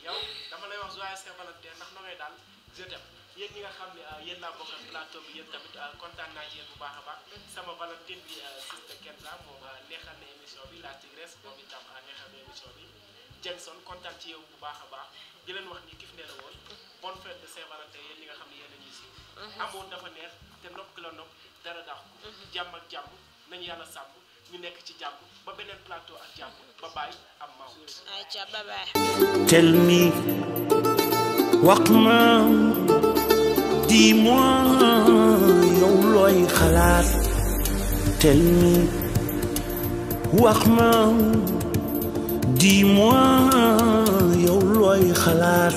yow dama lay wax joyeux Saint-Valentin ndax Nogay daal je t'aime ñi nga xam ne euh, yéen laa bokkal plateau bi yéen tamit euh, kontaan naa bu baax a baax. Mhm. sama Valentine bi euh, Sister Kenza moom neexal bi la Tigresse moom itam neexal na émission bi. Jenson yow bu baax a baax di leen wax ni kif nee la woon mhm. bonne fête yéen ñi nga xam ne yéen a ñuy siiw. amoon dafa neex te nopp ki la nopp dara dàqu. jàmm ak jàmm nañu yàlla sàmm. ñu nekk ci jàmm ba beneen plateau ak jàmm xalaat tell me wax ma dis-moi xalaat